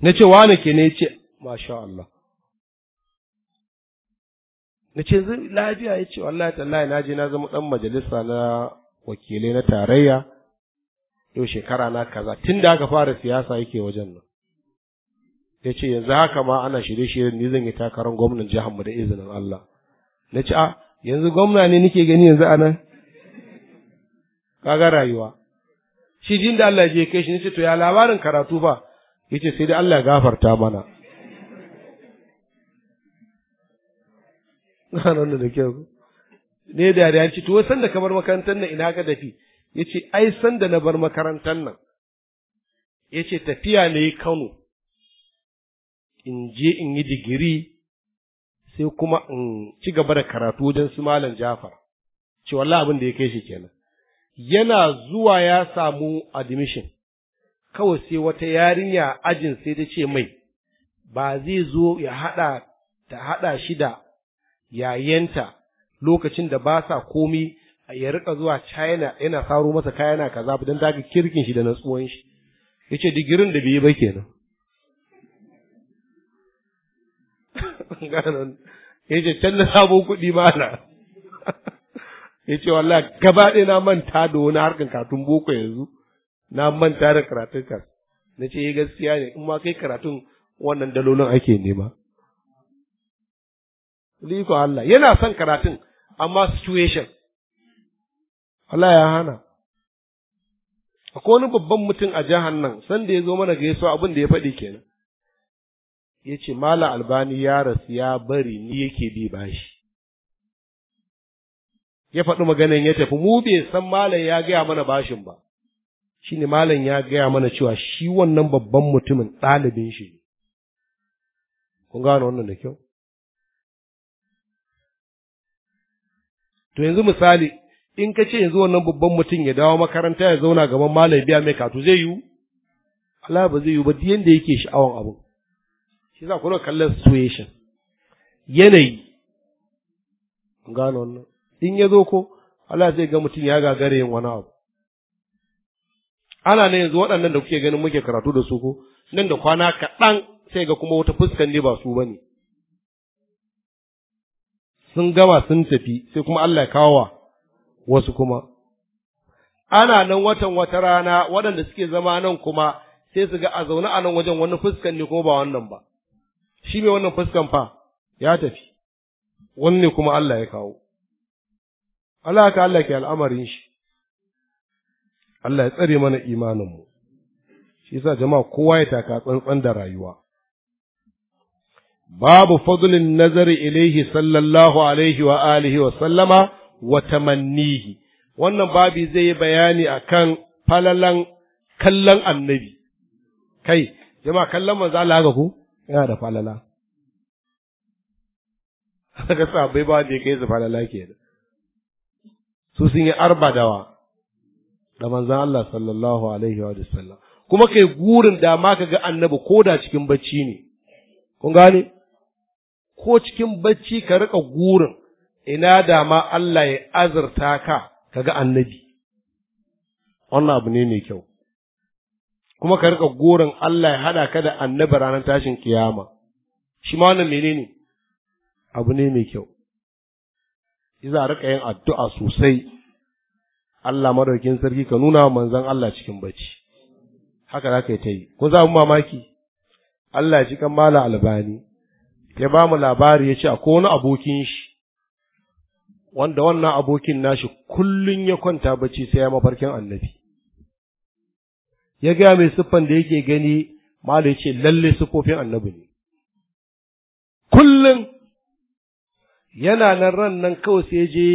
A: na ce wane ke ne ce masha Allah na ce lafiya ya ce wallahi tallahi na je na zama dan majalisa na wakilai na tarayya yau shekara na kaza tun da aka fara siyasa yake wajen nan ya ce yanzu haka ma ana shirye-shiryen ni zan yi takarar gwamnan jihar mu da izinin Allah na ce a yanzu gwamna ne nake gani yanzu a nan kaga rayuwa shi jin da Allah je kai shi nace to ya labarin karatu fa yace sai da Allah ya gafarta mana nan da kyau ne da ya ce to san da kamar makarantar na ina ka dafi ya ce ai sanda na bar makarantar nan ya ce tafiya na yi kano in je in yi digiri sai kuma in ci gaba da karatu wajen su malam jafar ce wallah abin da ya kai shi kenan yana zuwa ya samu admission kawai sai wata yarinya ajin sai ta ce mai ba zai zo ya haɗa ta haɗa shi da yayanta lokacin da ba sa komi ya rika zuwa China yana faro masa kaya na kaza dan daga kirkin shi da natsuwan shi yace digirin da bai yi ba kenan ganan yace can na sabo kuɗi ba na yace wallahi gaba ɗaya na manta da wani harkan katun boko yanzu na manta da karatun ka na ce eh, gaskiya ne in ma kai karatun wannan dalolin ake nema liko Allah yana son karatun amma situation Allah ya hana akwai wani babban mutum a jihar nan sanda ya zo mana ga yaso abin da ya faɗi kenan ya ce mala albani ya rasu ya bari ni yake bi bashi ya faɗi maganin ya tafi mu bai san malam ya gaya mana bashin ba shi ne malam ya gaya mana cewa shi wannan babban mutumin ɗalibin shi ne kun gano wannan da kyau to yanzu misali in ka ce yanzu wannan babban mutum ya dawo makaranta ya zauna gaban malam biya mai katu zai yiwu Allah ba zai yiwu ba diyan da yake sha'awan abu shi za ku kallon situation yanayi gano wannan in ya zo ko Allah zai ga mutum ya gagare yin wani abu ana ne yanzu waɗannan da kuke ganin muke karatu da su ko nan da kwana kaɗan sai ga kuma wata fuskan ne ba su ba ne sun gama sun tafi sai kuma Allah ya kawo wasu kuma. Ana nan watan wata rana waɗanda suke zama nan kuma sai su ga a zaune a nan wajen wani fuskan ne ko ba wannan ba, shi mai wannan fuskan fa ya tafi, wanne kuma Allah ya kawo. Allah ka Allah ke al'amarin shi, Allah ya tsare mana imaninmu, shi yasa jama'a kowa ya taka tsantsan da rayuwa. babu fadlin nazari ilaihi sallallahu alaihi wa alihi wa sallama wa tamannihi wannan babi zai yi bayani akan falalan kallon annabi kai jama kallon manzo Allah ga ku yana da falala haka sa bai ba da kai su falala kenan su sun yi arba dawa da manzan Allah sallallahu alaihi wa sallam kuma kai gurin da ma ka ga annabi ko da cikin bacci ne kun gane ko cikin bacci ka rika gurin ina da ma Allah ya azurta ka kaga annabi wannan abu ne mai kyau kuma ka rika gorin Allah ya haɗa ka da annabi ranar tashin kiyama shi ma wannan menene abu ne mai kyau iza rika yin addu'a sosai Allah madaukin sarki ka nuna wa manzon Allah cikin bacci haka za ka yi ta yi ko za mu mamaki Allah ya ji kan mala albani ya ba mu labari ya ce akwai wani abokin shi wanda wannan abokin nashi kullun ya kwanta bacci sai ya mafarkin annabi ya gaya mai siffan da yake gani malai ce lalle siffofin annabi ne kullun yana nan ran nan kawai sai je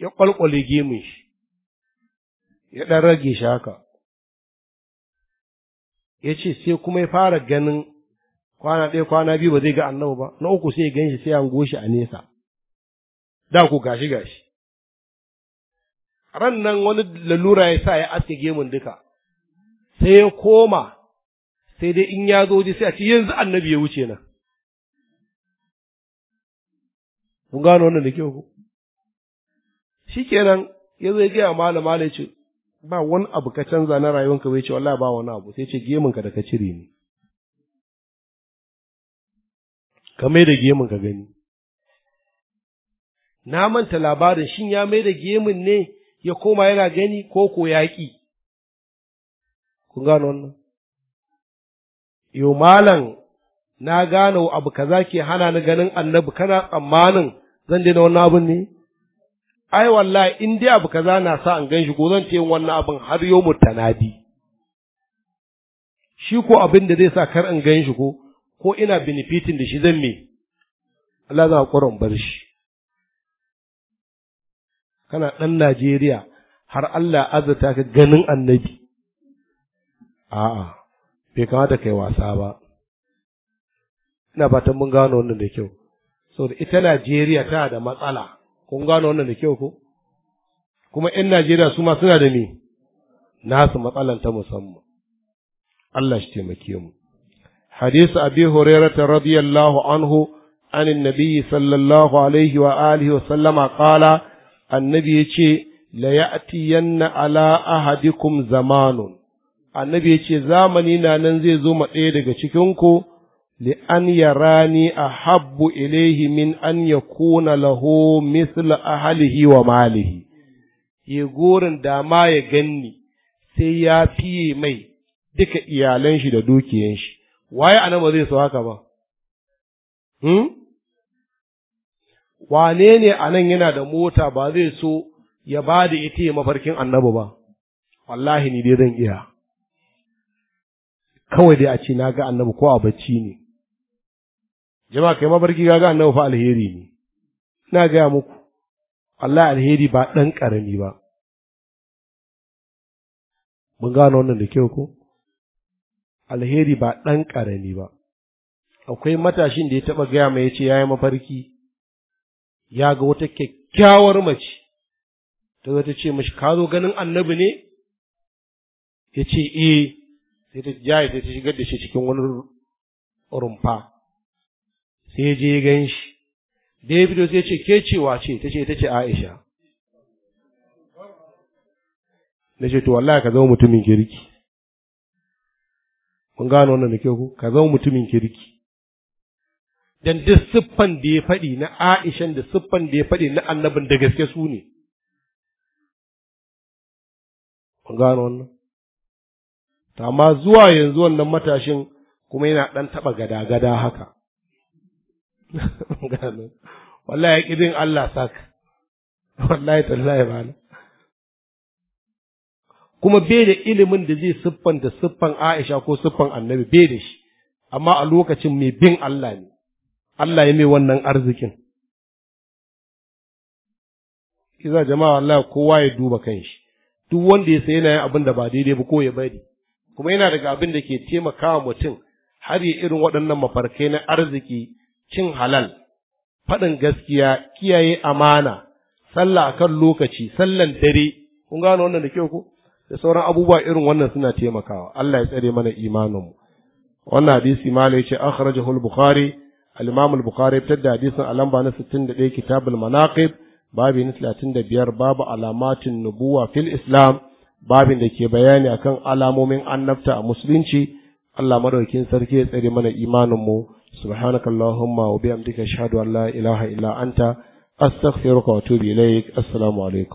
A: ya kwalkwale gemun shi ya ɗan rage shi haka ya ce sai kuma ya fara ganin kwana ɗaya kwana biyu ba zai ga annabi ba na uku sai ya gan shi sai an goshi a nesa da ku gashi gashi ran nan wani lalura ya sa ya aske gemun duka sai ya koma sai dai in ya zo sai a ce yanzu annabi ya wuce nan kun gano wannan da kyau ku shikenan ya zo ya gaya malama ne ce ba wani abu ka canza na rayuwanka bai ce wallahi ba wani abu sai ce ka da ka cire ni ka mai da gemun ka gani na manta labarin shin ya mai da gemun ne ya koma yana gani ko ko yaƙi. Kun gano wannan? Yo malam na gano abu kaza ke hana ni ganin annabi kana tsammanin zan daina wannan abin ne? Ai wallahi in dai abu kaza na sa an gan shi ko zan ce wannan abin har yau tanadi. Shi ko abin da zai sa kar an gan shi ko ko ina benefitin da shi zan me? Allah za a bar shi. kana ɗan Najeriya har Allah azata ka ganin annabi a'a bai kamata kai wasa ba ina fatan mun gano wannan da kyau saboda ita Najeriya tana da matsala kun gano wannan da kyau ko kuma 'yan Najeriya su ma suna da me nasu matsalan ta musamman Allah shi taimake mu حديث أبي هريرة رضي الله عنه عن النبي صلى الله عليه وآله وسلم قال annabi ya ce la ala ahadikum zamanun annabi ya ce zamani na nan zai zo ma ɗaya daga cikinku li an yarani ahabbu ilaihi min an ya laho lahu a ahlihi wa malihi ya gorin dama ya ganni sai ya fiye mai duka iyalanshi da dukiyanshi. waye anama zai so haka ba hmm? wane ne a nan yana da mota ba zai so ya ba da ita ya mafarkin annabi ba wallahi ni dai zan iya kawai dai a ce na ga annabi ko a bacci ne jama'a kai mafarki ga ga annabi fa alheri ne na gaya muku wallahi alheri ba ɗan ƙarami ba mun gano wannan da kyau ko alheri ba ɗan ƙarami ba akwai matashin da ya taɓa gaya mai ya ce ya yi mafarki ya ga wata kyakkyawar mace ta zata ce mashi ka zo ganin annabi ne ya ce eh sai ta jaye sai ta shigar da shi cikin wani rumfa sai je ya gan shi da ya fito sai ce ke cewa ce ta ce ta ce aisha na ce to wallahi ka zama mutumin kirki mun gano wannan da kyau ka zama mutumin kirki dan duk siffan da ya faɗi na Aishan da siffan da ya faɗi na annabin da gaske su ne kun gano wannan amma zuwa yanzu wannan matashin kuma yana ɗan taɓa gada-gada haka gano wallahi kidin Allah saka wallahi tallahi ba kuma bai da ilimin da zai siffan da siffan Aisha ko siffan Annabi bai da shi amma a lokacin mai bin Allah ne Allah ya mai wannan arzikin Iza jama'a Allah kowa ya duba shi duk wanda ya sai yanayin abin da ba daidai ba ko ya bari kuma yana daga abin da ke taimakawa mutum har ya irin waɗannan mafarkai na arziki cin halal faɗin gaskiya kiyaye amana sallah kan lokaci sallan dare kun gano wannan da kyau ko da sauran abubuwa irin wannan suna taimakawa Allah ya tsare mana imaninmu wannan hadisi malai ce akhrajahu al-bukhari al-imam al-bukhari fitar da hadisin a lamba na 61 kitabul manaqib babi na 35 babu alamatin nubuwa fil islam babin da ke bayani akan alamomin annabta a musulunci Allah madaukin sarki ya tsare mana imanin mu subhanaka allahumma wa bihamdika ashhadu an la ilaha illa anta astaghfiruka wa atubu ilaik assalamu alaikum